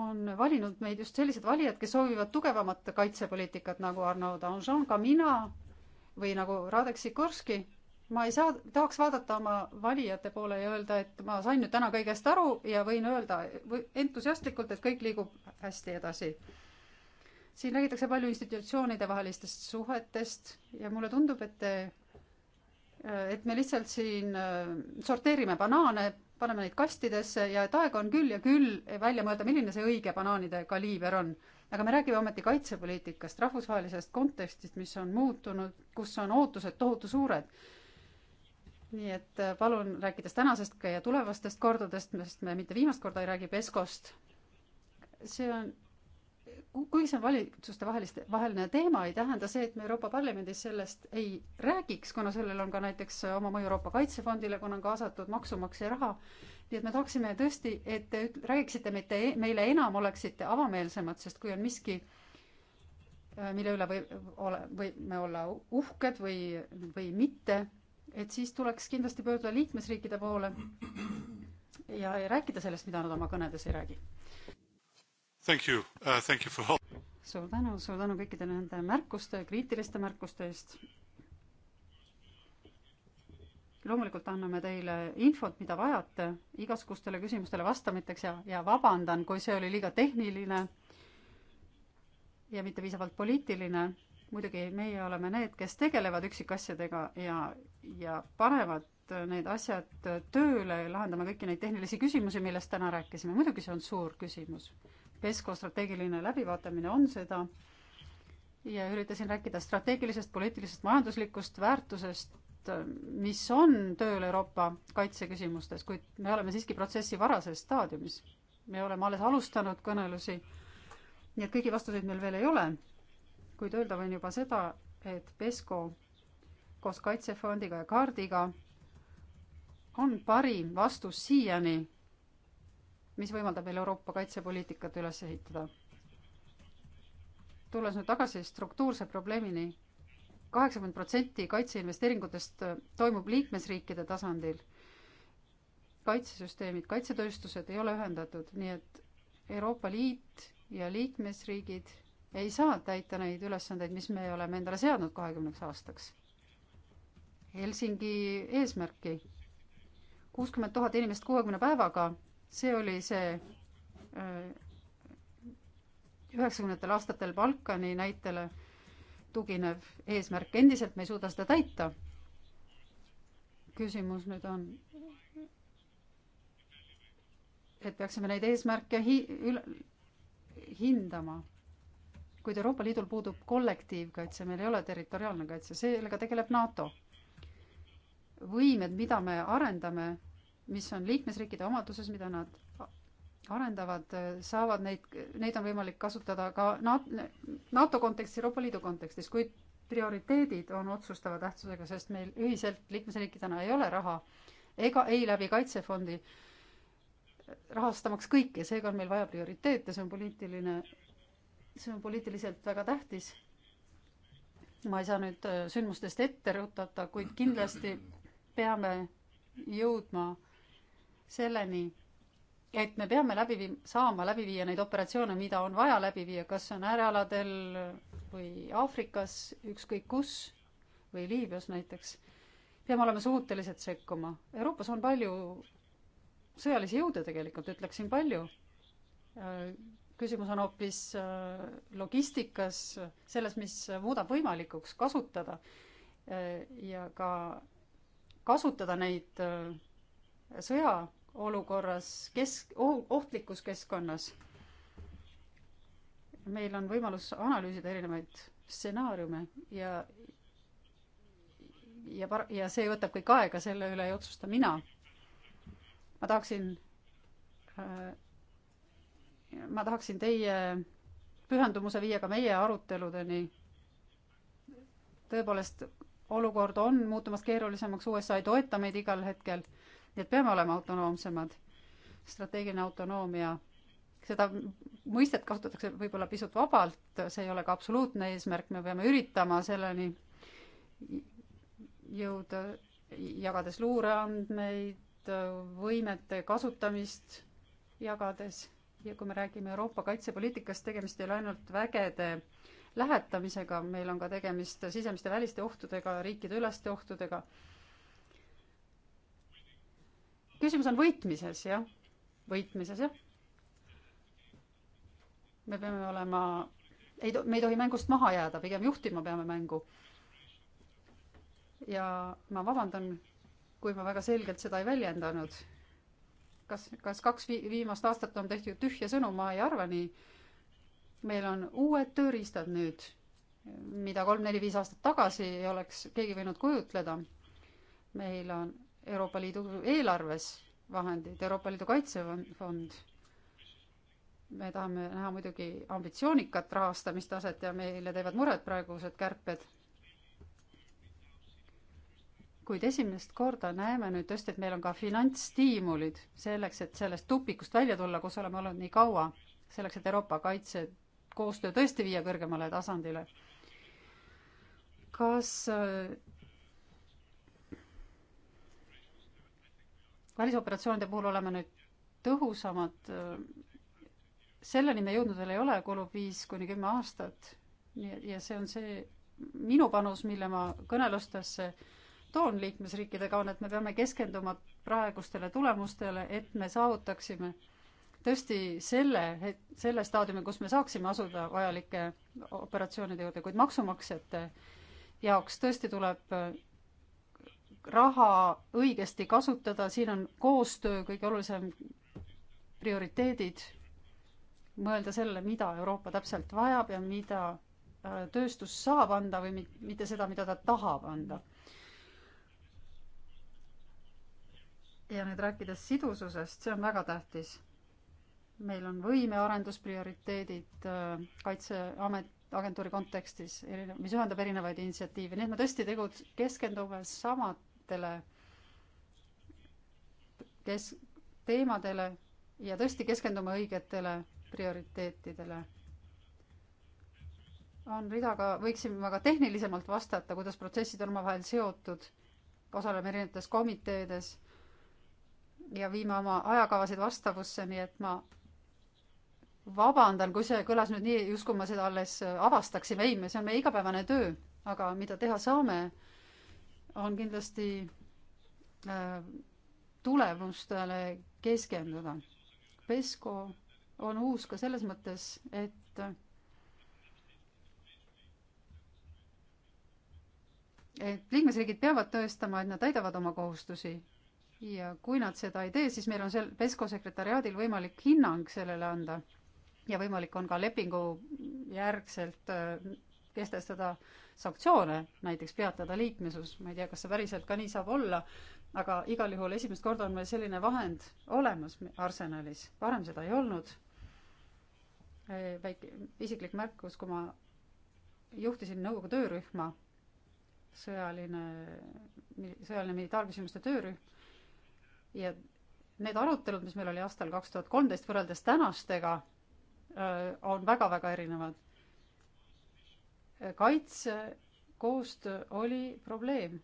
on valinud meid just sellised valijad, kes soovivad tugevamat kaitsepoliitikat, nagu Arno Danjon, ka mina või nagu Radek Sikorski. ma ei saa, tahaks vaadata oma valijate poole ja öelda, et ma sain nüüd täna kõigest aru ja võin öelda või entusiastlikult, et kõik liigub hästi edasi siin räägitakse palju institutsioonide vahelistest suhetest ja mulle tundub, et te, et me lihtsalt siin äh, sorteerime banaane, paneme neid kastidesse ja et aega on küll ja küll välja mõelda, milline see õige banaanide kaliiber on. aga me räägime ometi kaitsepoliitikast, rahvusvahelisest kontekstist, mis on muutunud, kus on ootused tohutu suured. nii et äh, palun, rääkides tänasest ja tulevastest kordadest, sest me mitte viimast korda ei räägi Peskost, see on kuigi see on valitsuste vaheliste, vaheline teema, ei tähenda see, et me Euroopa Parlamendis sellest ei räägiks, kuna sellel on ka näiteks oma mõju Euroopa Kaitsefondile, kuna on kaasatud maksumaksja raha. nii et me tahaksime tõesti, et te üt-, räägiksite mitte meile enam, oleksite avameelsemad, sest kui on miski, mille üle või ole, võime olla uhked või, või mitte, et siis tuleks kindlasti pöörduda liikmesriikide poole ja, ja rääkida sellest, mida nad oma kõnedes ei räägi Thank you uh,, thank you for all. suur tänu, suur tänu kõikide nende märkuste, kriitiliste märkuste eest. loomulikult anname teile infot, mida vajate igasugustele küsimustele vastamiseks ja, ja vabandan, kui see oli liiga tehniline ja mitte piisavalt poliitiline. muidugi meie oleme need, kes tegelevad üksikasjadega ja, ja panevad need asjad tööle ja lahendame kõiki neid tehnilisi küsimusi, millest täna rääkisime. muidugi see on suur küsimus PESCO strateegiline läbivaatamine on seda ja üritasin rääkida strateegilisest, poliitilisest, majanduslikust väärtusest, mis on tööl Euroopa kaitseküsimustes, kuid me oleme siiski protsessi varases staadiumis. me oleme alles alustanud kõnelusi, nii et kõigi vastuseid meil veel ei ole, kuid öelda võin juba seda, et PESCO koos Kaitsefondiga ja kaardiga on parim vastus siiani mis võimaldab meil Euroopa kaitsepoliitikat üles ehitada. tulles nüüd tagasi struktuurse probleemini, kaheksakümmend protsenti kaitseinvesteeringutest toimub liikmesriikide tasandil. kaitsesüsteemid, kaitsetööstused ei ole ühendatud, nii et Euroopa Liit ja liikmesriigid ei saa täita neid ülesandeid, mis me oleme endale seadnud kahekümneks aastaks. Helsingi eesmärki kuuskümmend tuhat inimest kuuekümne päevaga see oli see äh, üheksakümnendatel aastatel Balkani näitele tuginev eesmärk, endiselt me ei suuda seda täita. küsimus nüüd on, et peaksime neid eesmärke hi-, üle, hindama. kuid Euroopa Liidul puudub kollektiivkaitse, meil ei ole territoriaalne kaitse, sellega tegeleb NATO. võimed, mida me arendame mis on liikmesriikide omaduses, mida nad arendavad, saavad neid, neid on võimalik kasutada ka NATO kontekstis, Euroopa Liidu kontekstis, kuid prioriteedid on otsustava tähtsusega, sest meil ühiselt liikmesriikidena ei ole raha ega ei läbi Kaitsefondi rahastamaks kõiki ja seega on meil vaja prioriteete, see on poliitiline, see on poliitiliselt väga tähtis. ma ei saa nüüd sündmustest ette rutata, kuid kindlasti peame jõudma äh, selleni, et me peame läbi viim-, saama läbi viia neid operatsioone, mida on vaja läbi viia, kas on äärealadel või Aafrikas, ükskõik kus, või Liibüas näiteks, peame olema suutelised sekkuma. Euroopas on palju sõjalisi jõude tegelikult, ütleksin palju. küsimus on hoopis äh, logistikas, selles, mis muudab võimalikuks kasutada äh, ja ka kasutada neid äh, sõja olukorras, kesk, ohtlikus keskkonnas. meil on võimalus analüüsida erinevaid stsenaariume ja ja par-, ja see võtab kõik aega, selle üle ei otsusta mina. ma tahaksin äh,, ma tahaksin teie pühendumuse viia ka meie aruteludeni. tõepoolest, olukord on muutumas keerulisemaks, USA ei toeta meid igal hetkel nii et peame olema autonoomsemad. strateegiline autonoomia, seda mõistet kasutatakse võib-olla pisut vabalt, see ei ole ka absoluutne eesmärk, me peame üritama selleni jõuda, jagades luureandmeid, võimete kasutamist jagades ja kui me räägime Euroopa kaitsepoliitikast, tegemist ei ole ainult vägede lähetamisega, meil on ka tegemist sisemiste väliste ohtudega, riikide üleste ohtudega küsimus on võitmises, jah, võitmises, jah. me peame olema, ei, me ei tohi mängust maha jääda, pigem juhtima peame mängu. ja ma vabandan, kui ma väga selgelt seda ei väljendanud. kas, kas kaks vi viimast aastat on tehtud tühja sõnu, ma ei arva nii. meil on uued tööriistad nüüd, mida kolm-neli-viis aastat tagasi ei oleks keegi võinud kujutleda. meil on Euroopa Liidu eelarves vahendid, Euroopa Liidu kaitsefond. me tahame näha muidugi ambitsioonikat rahastamistaset ja meile teevad muret praegused kärped. kuid esimest korda näeme nüüd tõesti, et meil on ka finantsstiimulid selleks, et sellest tupikust välja tulla, kus oleme olnud nii kaua, selleks, et Euroopa kaitsekoostöö tõesti viia kõrgemale tasandile. kas välisoperatsioonide puhul oleme nüüd tõhusamad. selleni me jõudnud veel ei ole, kulub viis kuni kümme aastat. ja see on see minu panus, mille ma kõnelustesse toon liikmesriikidega, on, et me peame keskenduma praegustele tulemustele, et me saavutaksime tõesti selle, selle staadiumi, kus me saaksime asuda vajalike operatsioonide juurde, kuid maksumaksjate jaoks tõesti tuleb raha õigesti kasutada, siin on koostöö kõige olulisem prioriteedid, mõelda sellele, mida Euroopa täpselt vajab ja mida äh, tööstus saab anda või mitte seda, mida ta tahab anda. ja nüüd rääkides sidususest, see on väga tähtis. meil on võimearendus prioriteedid äh, Kaitseamet, agentuuri kontekstis, mis ühendab erinevaid initsiatiive, nii et me tõesti tegut-, keskendume samad mitmetele kes-, teemadele ja tõesti keskenduma õigetele prioriteetidele. on rida ka, võiksime väga tehnilisemalt vastata, kuidas protsessid on omavahel seotud, osaleme erinevates komiteedes ja viime oma ajakavasid vastavusse, nii et ma vabandan, kui see kõlas nüüd nii, justkui ma seda alles avastaksin, ei, see on meie igapäevane töö, aga mida teha saame on kindlasti äh, tulemustele keskenduda. Pesco on uus ka selles mõttes, et et liikmesriigid peavad tõestama, et nad täidavad oma kohustusi ja kui nad seda ei tee, siis meil on seal PESCO sekretäriaadil võimalik hinnang sellele anda ja võimalik on ka lepingu järgselt äh, kehtestada sanktsioone, näiteks peatada liikmesus, ma ei tea, kas see päriselt ka nii saab olla, aga igal juhul esimest korda on meil selline vahend olemas arsenalis, varem seda ei olnud. E, väike isiklik märkus, kui ma juhtisin nõukogu töörühma, sõjaline, sõjaline militaarküsimuste töörühm ja need arutelud, mis meil oli aastal kaks tuhat kolmteist võrreldes tänastega, e, on väga-väga erinevad kaitsekoostöö oli probleem.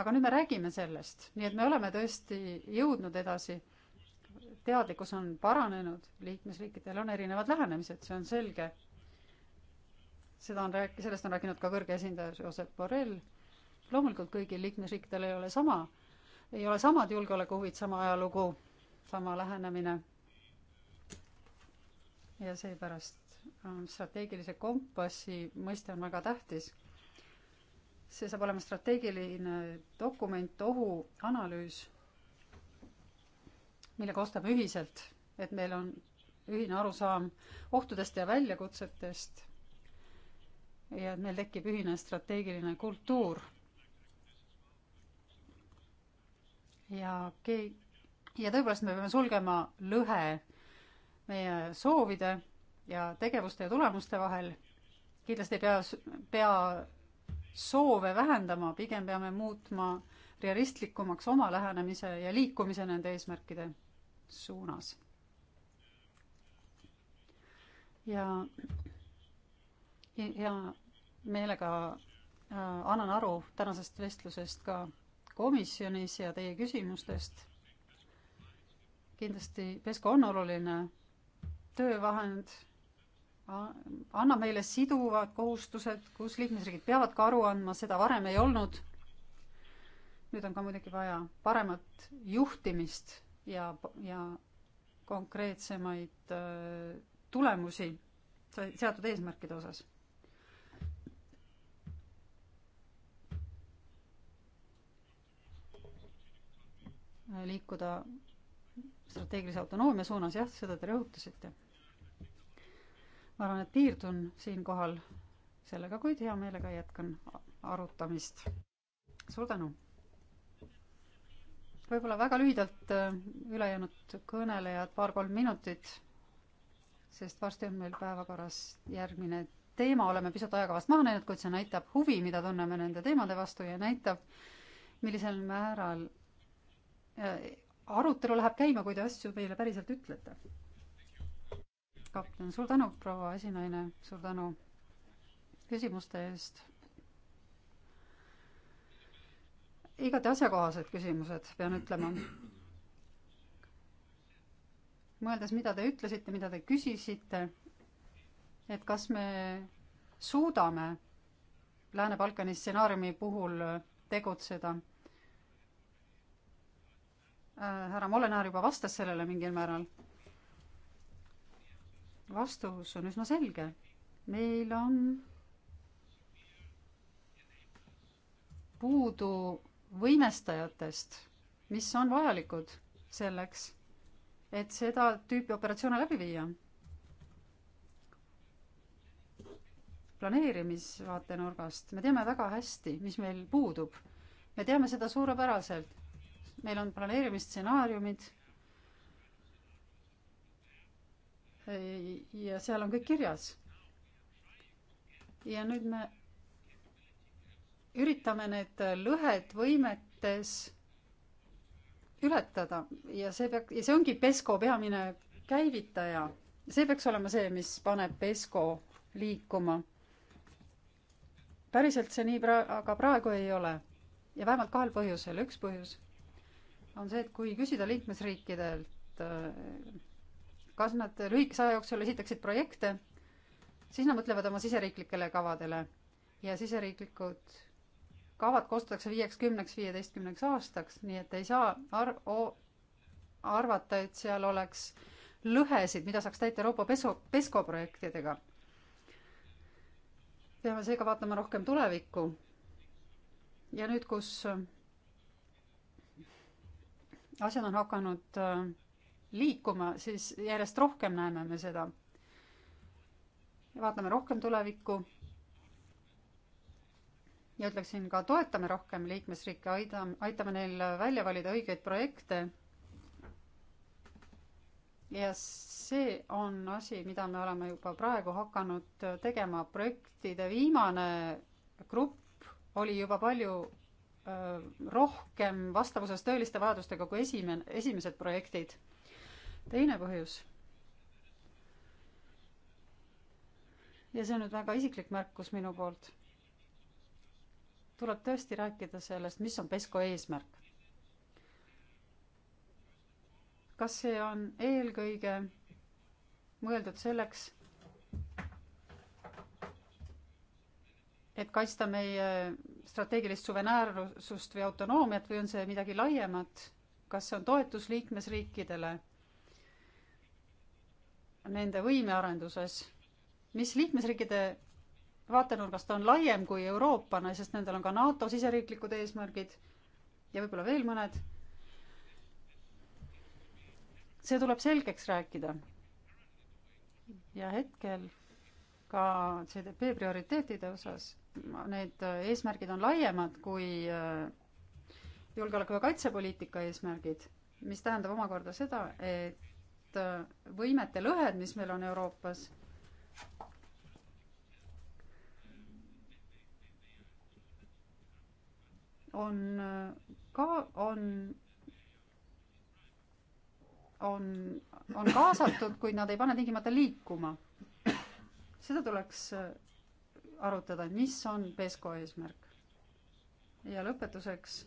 aga nüüd me räägime sellest, nii et me oleme tõesti jõudnud edasi. teadlikkus on paranenud, liikmesriikidel on erinevad lähenemised, see on selge. seda on rääk-, sellest on rääkinud ka kõrge esindaja Josep Borrell. loomulikult kõigil liikmesriikidel ei ole sama, ei ole samad julgeolekuhuvid, sama ajalugu, sama lähenemine. ja seepärast strateegilise kompassi mõiste on väga tähtis. see saab olema strateegiline dokument, ohuanalüüs, mille koostame ühiselt, et meil on ühine arusaam ohtudest ja väljakutsetest ja et meil tekib ühine strateegiline kultuur. ja ke-, ja tõepoolest me peame sulgema lõhe meie soovide ja tegevuste ja tulemuste vahel. kindlasti ei pea, pea soove vähendama, pigem peame muutma realistlikumaks oma lähenemise ja liikumise nende eesmärkide suunas. ja, ja meelega äh, annan aru tänasest vestlusest ka komisjonis ja teie küsimustest. kindlasti Pesko on oluline töövahend annab meile siduvad kohustused, kus liikmesriigid peavad ka aru andma, seda varem ei olnud. nüüd on ka muidugi vaja paremat juhtimist ja, ja konkreetsemaid äh, tulemusi seatud eesmärkide osas. liikuda strateegilise autonoomia suunas, jah, seda te rõhutasite ma arvan, et piirdun siinkohal sellega, kuid hea meelega jätkan arutamist. suur tänu! võib-olla väga lühidalt äh, ülejäänud kõnelejad paar-kolm minutit, sest varsti on meil päevakorras järgmine teema, oleme pisut ajakavast maha näinud, kuid see näitab huvi, mida tunneme nende teemade vastu ja näitab, millisel määral äh, arutelu läheb käima, kui te asju meile päriselt ütlete kapten, suur tänu, proua esinaine, suur tänu küsimuste eest. igati asjakohased küsimused, pean ütlema. mõeldes, mida te ütlesite, mida te küsisite, et kas me suudame Lääne-Balkani stsenaariumi puhul tegutseda. Äh, härra Molenaar juba vastas sellele mingil määral vastus on üsna selge. meil on puudu võimestajatest, mis on vajalikud selleks, et seda tüüpi operatsioone läbi viia. planeerimisvaatenurgast me teame väga hästi, mis meil puudub. me teame seda suurepäraselt. meil on planeerimisstsenaariumid ja seal on kõik kirjas. ja nüüd me üritame need lõhed võimetes ületada ja see peaks, ja see ongi Pesco peamine käivitaja. see peaks olema see, mis paneb Pesco liikuma. päriselt see nii pra-, aga praegu ei ole. ja vähemalt kahel põhjusel. üks põhjus on see, et kui küsida liikmesriikidelt äh, kas nad lühikese aja jooksul esitaksid projekte, siis nad mõtlevad oma siseriiklikele kavadele ja siseriiklikud kavad koostatakse viieks, kümneks, viieteistkümneks aastaks, nii et ei saa ar-, arvata, et seal oleks lõhesid, mida saaks täita Euroopa pesu, PESCO projektidega. peame seega vaatama rohkem tulevikku. ja nüüd, kus asjad on hakanud äh, liikuma, siis järjest rohkem näeme me seda. vaatame rohkem tulevikku. ja ütleksin ka, toetame rohkem liikmesriike, aidame, aitame neil välja valida õigeid projekte. ja see on asi, mida me oleme juba praegu hakanud tegema. projektide viimane grupp oli juba palju äh, rohkem vastavuses tõeliste vajadustega kui esimene, esimesed projektid teine põhjus, ja see on nüüd väga isiklik märkus minu poolt, tuleb tõesti rääkida sellest, mis on PESCO eesmärk. kas see on eelkõige mõeldud selleks, et kaitsta meie strateegilist suveräärsust või autonoomiat või on see midagi laiemat, kas see on toetus liikmesriikidele nende võimearenduses, mis liikmesriikide vaatenurgast on laiem kui Euroopana, sest nendel on ka NATO siseriiklikud eesmärgid ja võib-olla veel mõned. see tuleb selgeks rääkida. ja hetkel ka CDP prioriteetide osas, need eesmärgid on laiemad kui äh, julgeoleku- ja kaitsepoliitika eesmärgid, mis tähendab omakorda seda, et need äh, võimete lõhed, mis meil on Euroopas. on äh, ka, on, on, on kaasatud, kuid nad ei pane tingimata liikuma. seda tuleks äh, arutada, mis on PESCO eesmärk. ja lõpetuseks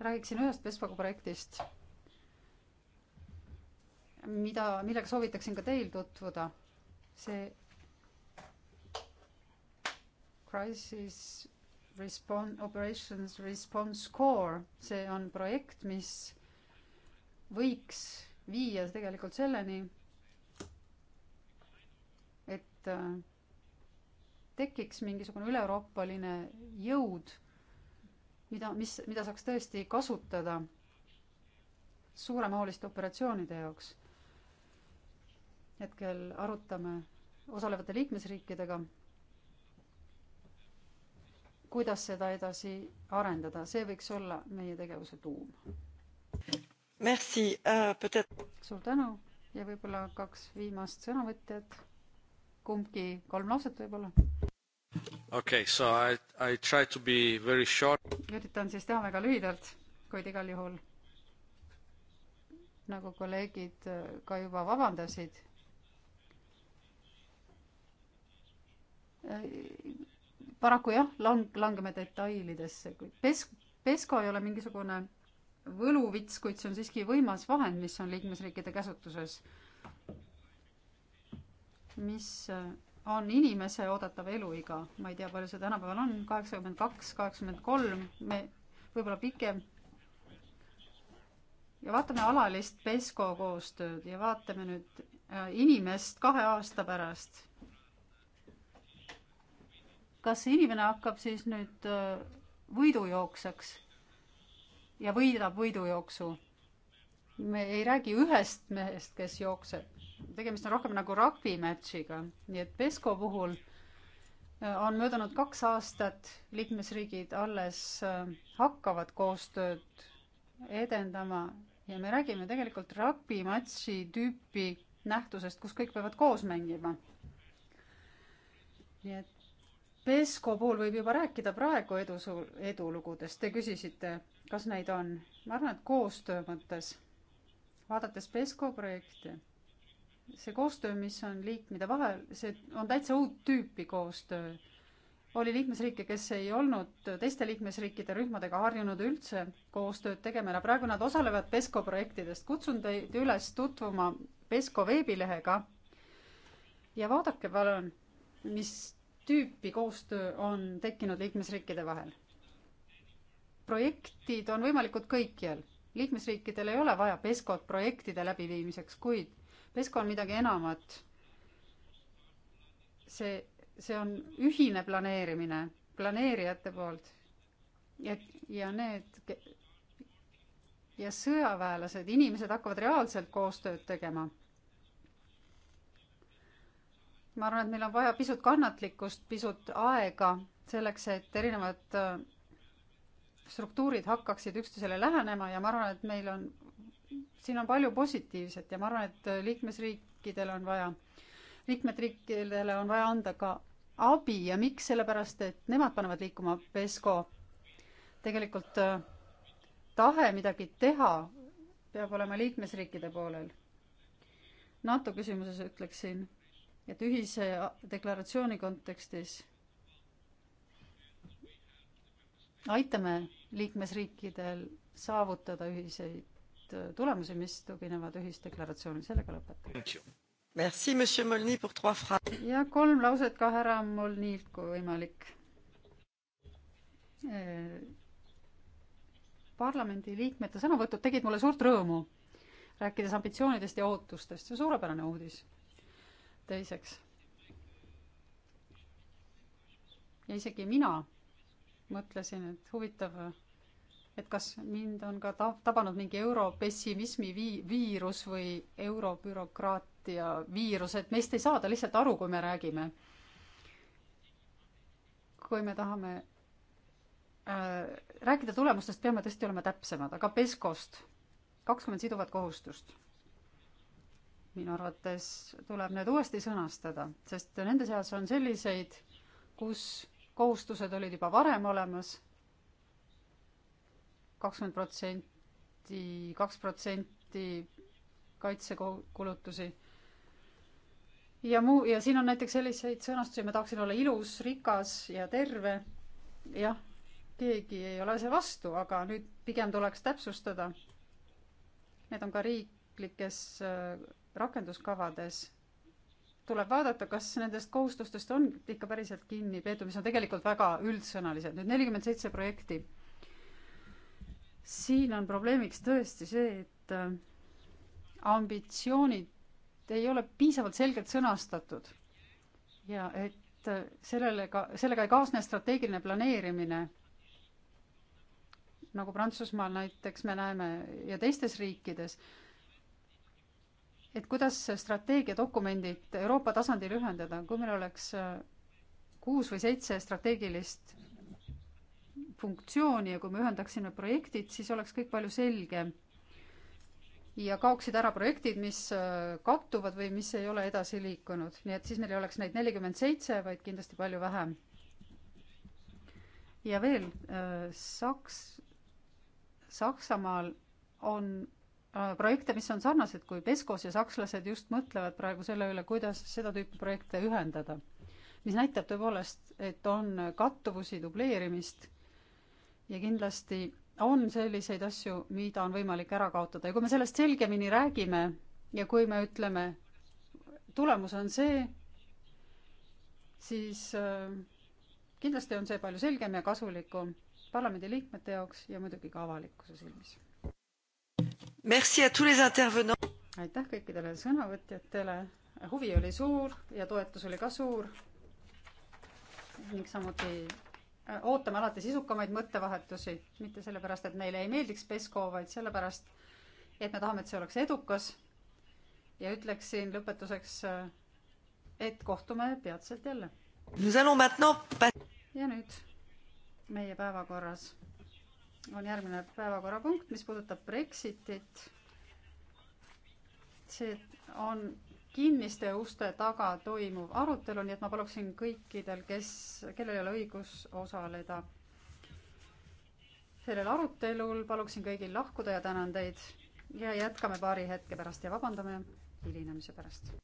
räägiksin ühest PESCO projektist mida, millega soovitaksin ka teil tutvuda. see Crisis Response, Operations Response Core, see on projekt, mis võiks viia tegelikult selleni, et äh, tekiks mingisugune üleeuroopaline jõud, mida, mis, mida saaks tõesti kasutada suuremahuliste operatsioonide jaoks hetkel arutame osalevate liikmesriikidega, kuidas seda edasi arendada, see võiks olla meie tegevuse tuum. Merci uh,, peut-être. suur tänu ja võib-olla kaks viimast sõnavõtjat, kumbki kolm lauset võib-olla. okei okay,, so I, I try to be very short. üritan siis teha väga lühidalt, kuid igal juhul nagu kolleegid ka juba vabandasid paraku jah, lang-, langeme detailidesse, kuid pes-, PESCO ei ole mingisugune võluvits, kuid see on siiski võimas vahend, mis on liikmesriikide käsutuses, mis äh, on inimese oodatav eluiga, ma ei tea, palju see tänapäeval on, kaheksakümmend kaks, kaheksakümmend kolm, me, võib-olla pikem. ja vaatame alalist PESCO koostööd ja vaatame nüüd äh, inimest kahe aasta pärast kas see inimene hakkab siis nüüd äh, võidujooksjaks ja võidab võidujooksu? me ei räägi ühest mehest, kes jookseb, tegemist on rohkem nagu rugby-matšiga, nii et Pesco puhul äh, on möödunud kaks aastat, liikmesriigid alles äh, hakkavad koostööd edendama ja me räägime tegelikult rugby-matši tüüpi nähtusest, kus kõik peavad koos mängima. nii et Pesco puhul võib juba rääkida praegu edu, edulugudest, te küsisite, kas neid on. ma arvan, et koostöö mõttes, vaadates Pesco projekti, see koostöö, mis on liikmete vahel, see on täitsa uut tüüpi koostöö. oli liikmesriike, kes ei olnud teiste liikmesriikide rühmadega harjunud üldse koostööd tegema ja praegu nad osalevad Pesco projektidest. kutsun teid üles tutvuma Pesco veebilehega ja vaadake palun, mis tüüpi koostöö on tekkinud liikmesriikide vahel? projektid on võimalikud kõikjal, liikmesriikidel ei ole vaja PESCO-t projektide läbiviimiseks, kuid PESCO on midagi enamat. see, see on ühine planeerimine planeerijate poolt. et ja need ja sõjaväelased, inimesed hakkavad reaalselt koostööd tegema ma arvan, et meil on vaja pisut kannatlikkust, pisut aega selleks, et erinevad äh, struktuurid hakkaksid üksteisele lähenema ja ma arvan, et meil on, siin on palju positiivset ja ma arvan, et liikmesriikidel on vaja, liikmesriikidele on vaja anda ka abi ja miks, sellepärast et nemad panevad liikuma PESCO. tegelikult äh, tahe midagi teha peab olema liikmesriikide poolel. NATO küsimuses ütleksin et ühise deklaratsiooni kontekstis aitame liikmesriikidel saavutada ühiseid tulemusi, mis tuginevad ühisdeklaratsioonil, sellega lõpetan. ja kolm lauset ka härra Molnilt, kui võimalik. parlamendi liikmete sõnavõtud tegid mulle suurt rõõmu, rääkides ambitsioonidest ja ootustest, see on suurepärane uudis teiseks. ja isegi mina mõtlesin, et huvitav, et kas mind on ka ta-, tabanud mingi europessimismi vii-, viirus või eurobürokraatia viirus, et meist ei saada lihtsalt aru, kui me räägime. kui me tahame äh, rääkida tulemustest, peame tõesti olema täpsemad, aga PESCO-st kakskümmend siduvat kohustust minu arvates tuleb need uuesti sõnastada, sest nende seas on selliseid, kus kohustused olid juba varem olemas, kakskümmend protsenti, kaks protsenti kaitsekulutusi ja muu, ja siin on näiteks selliseid sõnastusi, ma tahaksin olla ilus, rikas ja terve, jah, keegi ei ole see vastu, aga nüüd pigem tuleks täpsustada. Need on ka riiklikes rakenduskavades tuleb vaadata, kas nendest kohustustest on ikka päriselt kinni peetud, mis on tegelikult väga üldsõnalised. nüüd nelikümmend seitse projekti. siin on probleemiks tõesti see, et äh, ambitsioonid ei ole piisavalt selgelt sõnastatud ja et äh, sellele ka, sellega ei kaasne strateegiline planeerimine. nagu Prantsusmaal näiteks me näeme ja teistes riikides et kuidas strateegiadokumendid Euroopa tasandil ühendada, kui meil oleks äh, kuus või seitse strateegilist funktsiooni ja kui me ühendaksime projektid, siis oleks kõik palju selgem. ja kaoksid ära projektid, mis äh, kattuvad või mis ei ole edasi liikunud, nii et siis meil ei oleks neid nelikümmend seitse, vaid kindlasti palju vähem. ja veel, äh, Saks-, Saksamaal on Äh, projekte, mis on sarnased kui Peskos ja sakslased just mõtlevad praegu selle üle, kuidas seda tüüpi projekte ühendada. mis näitab tõepoolest, et on kattuvusi, dubleerimist ja kindlasti on selliseid asju, mida on võimalik ära kaotada ja kui me sellest selgemini räägime ja kui me ütleme, tulemus on see, siis äh, kindlasti on see palju selgem ja kasulikum parlamendiliikmete jaoks ja muidugi ka avalikkuse silmis aitäh kõikidele sõnavõtjatele, huvi oli suur ja toetus oli ka suur. ning samuti äh, ootame alati sisukamaid mõttevahetusi, mitte sellepärast, et meile ei meeldiks Pesko, vaid sellepärast, et me tahame, et see oleks edukas. ja ütleksin lõpetuseks, äh, et kohtume peatselt jälle. ja nüüd meie päevakorras on järgmine päevakorrapunkt, mis puudutab Brexitit. see on kinniste uste taga toimuv arutelu, nii et ma paluksin kõikidel, kes, kellel ei ole õigus osaleda sellel arutelul, paluksin kõigil lahkuda ja tänan teid ja jätkame paari hetke pärast ja vabandame hilinemise pärast.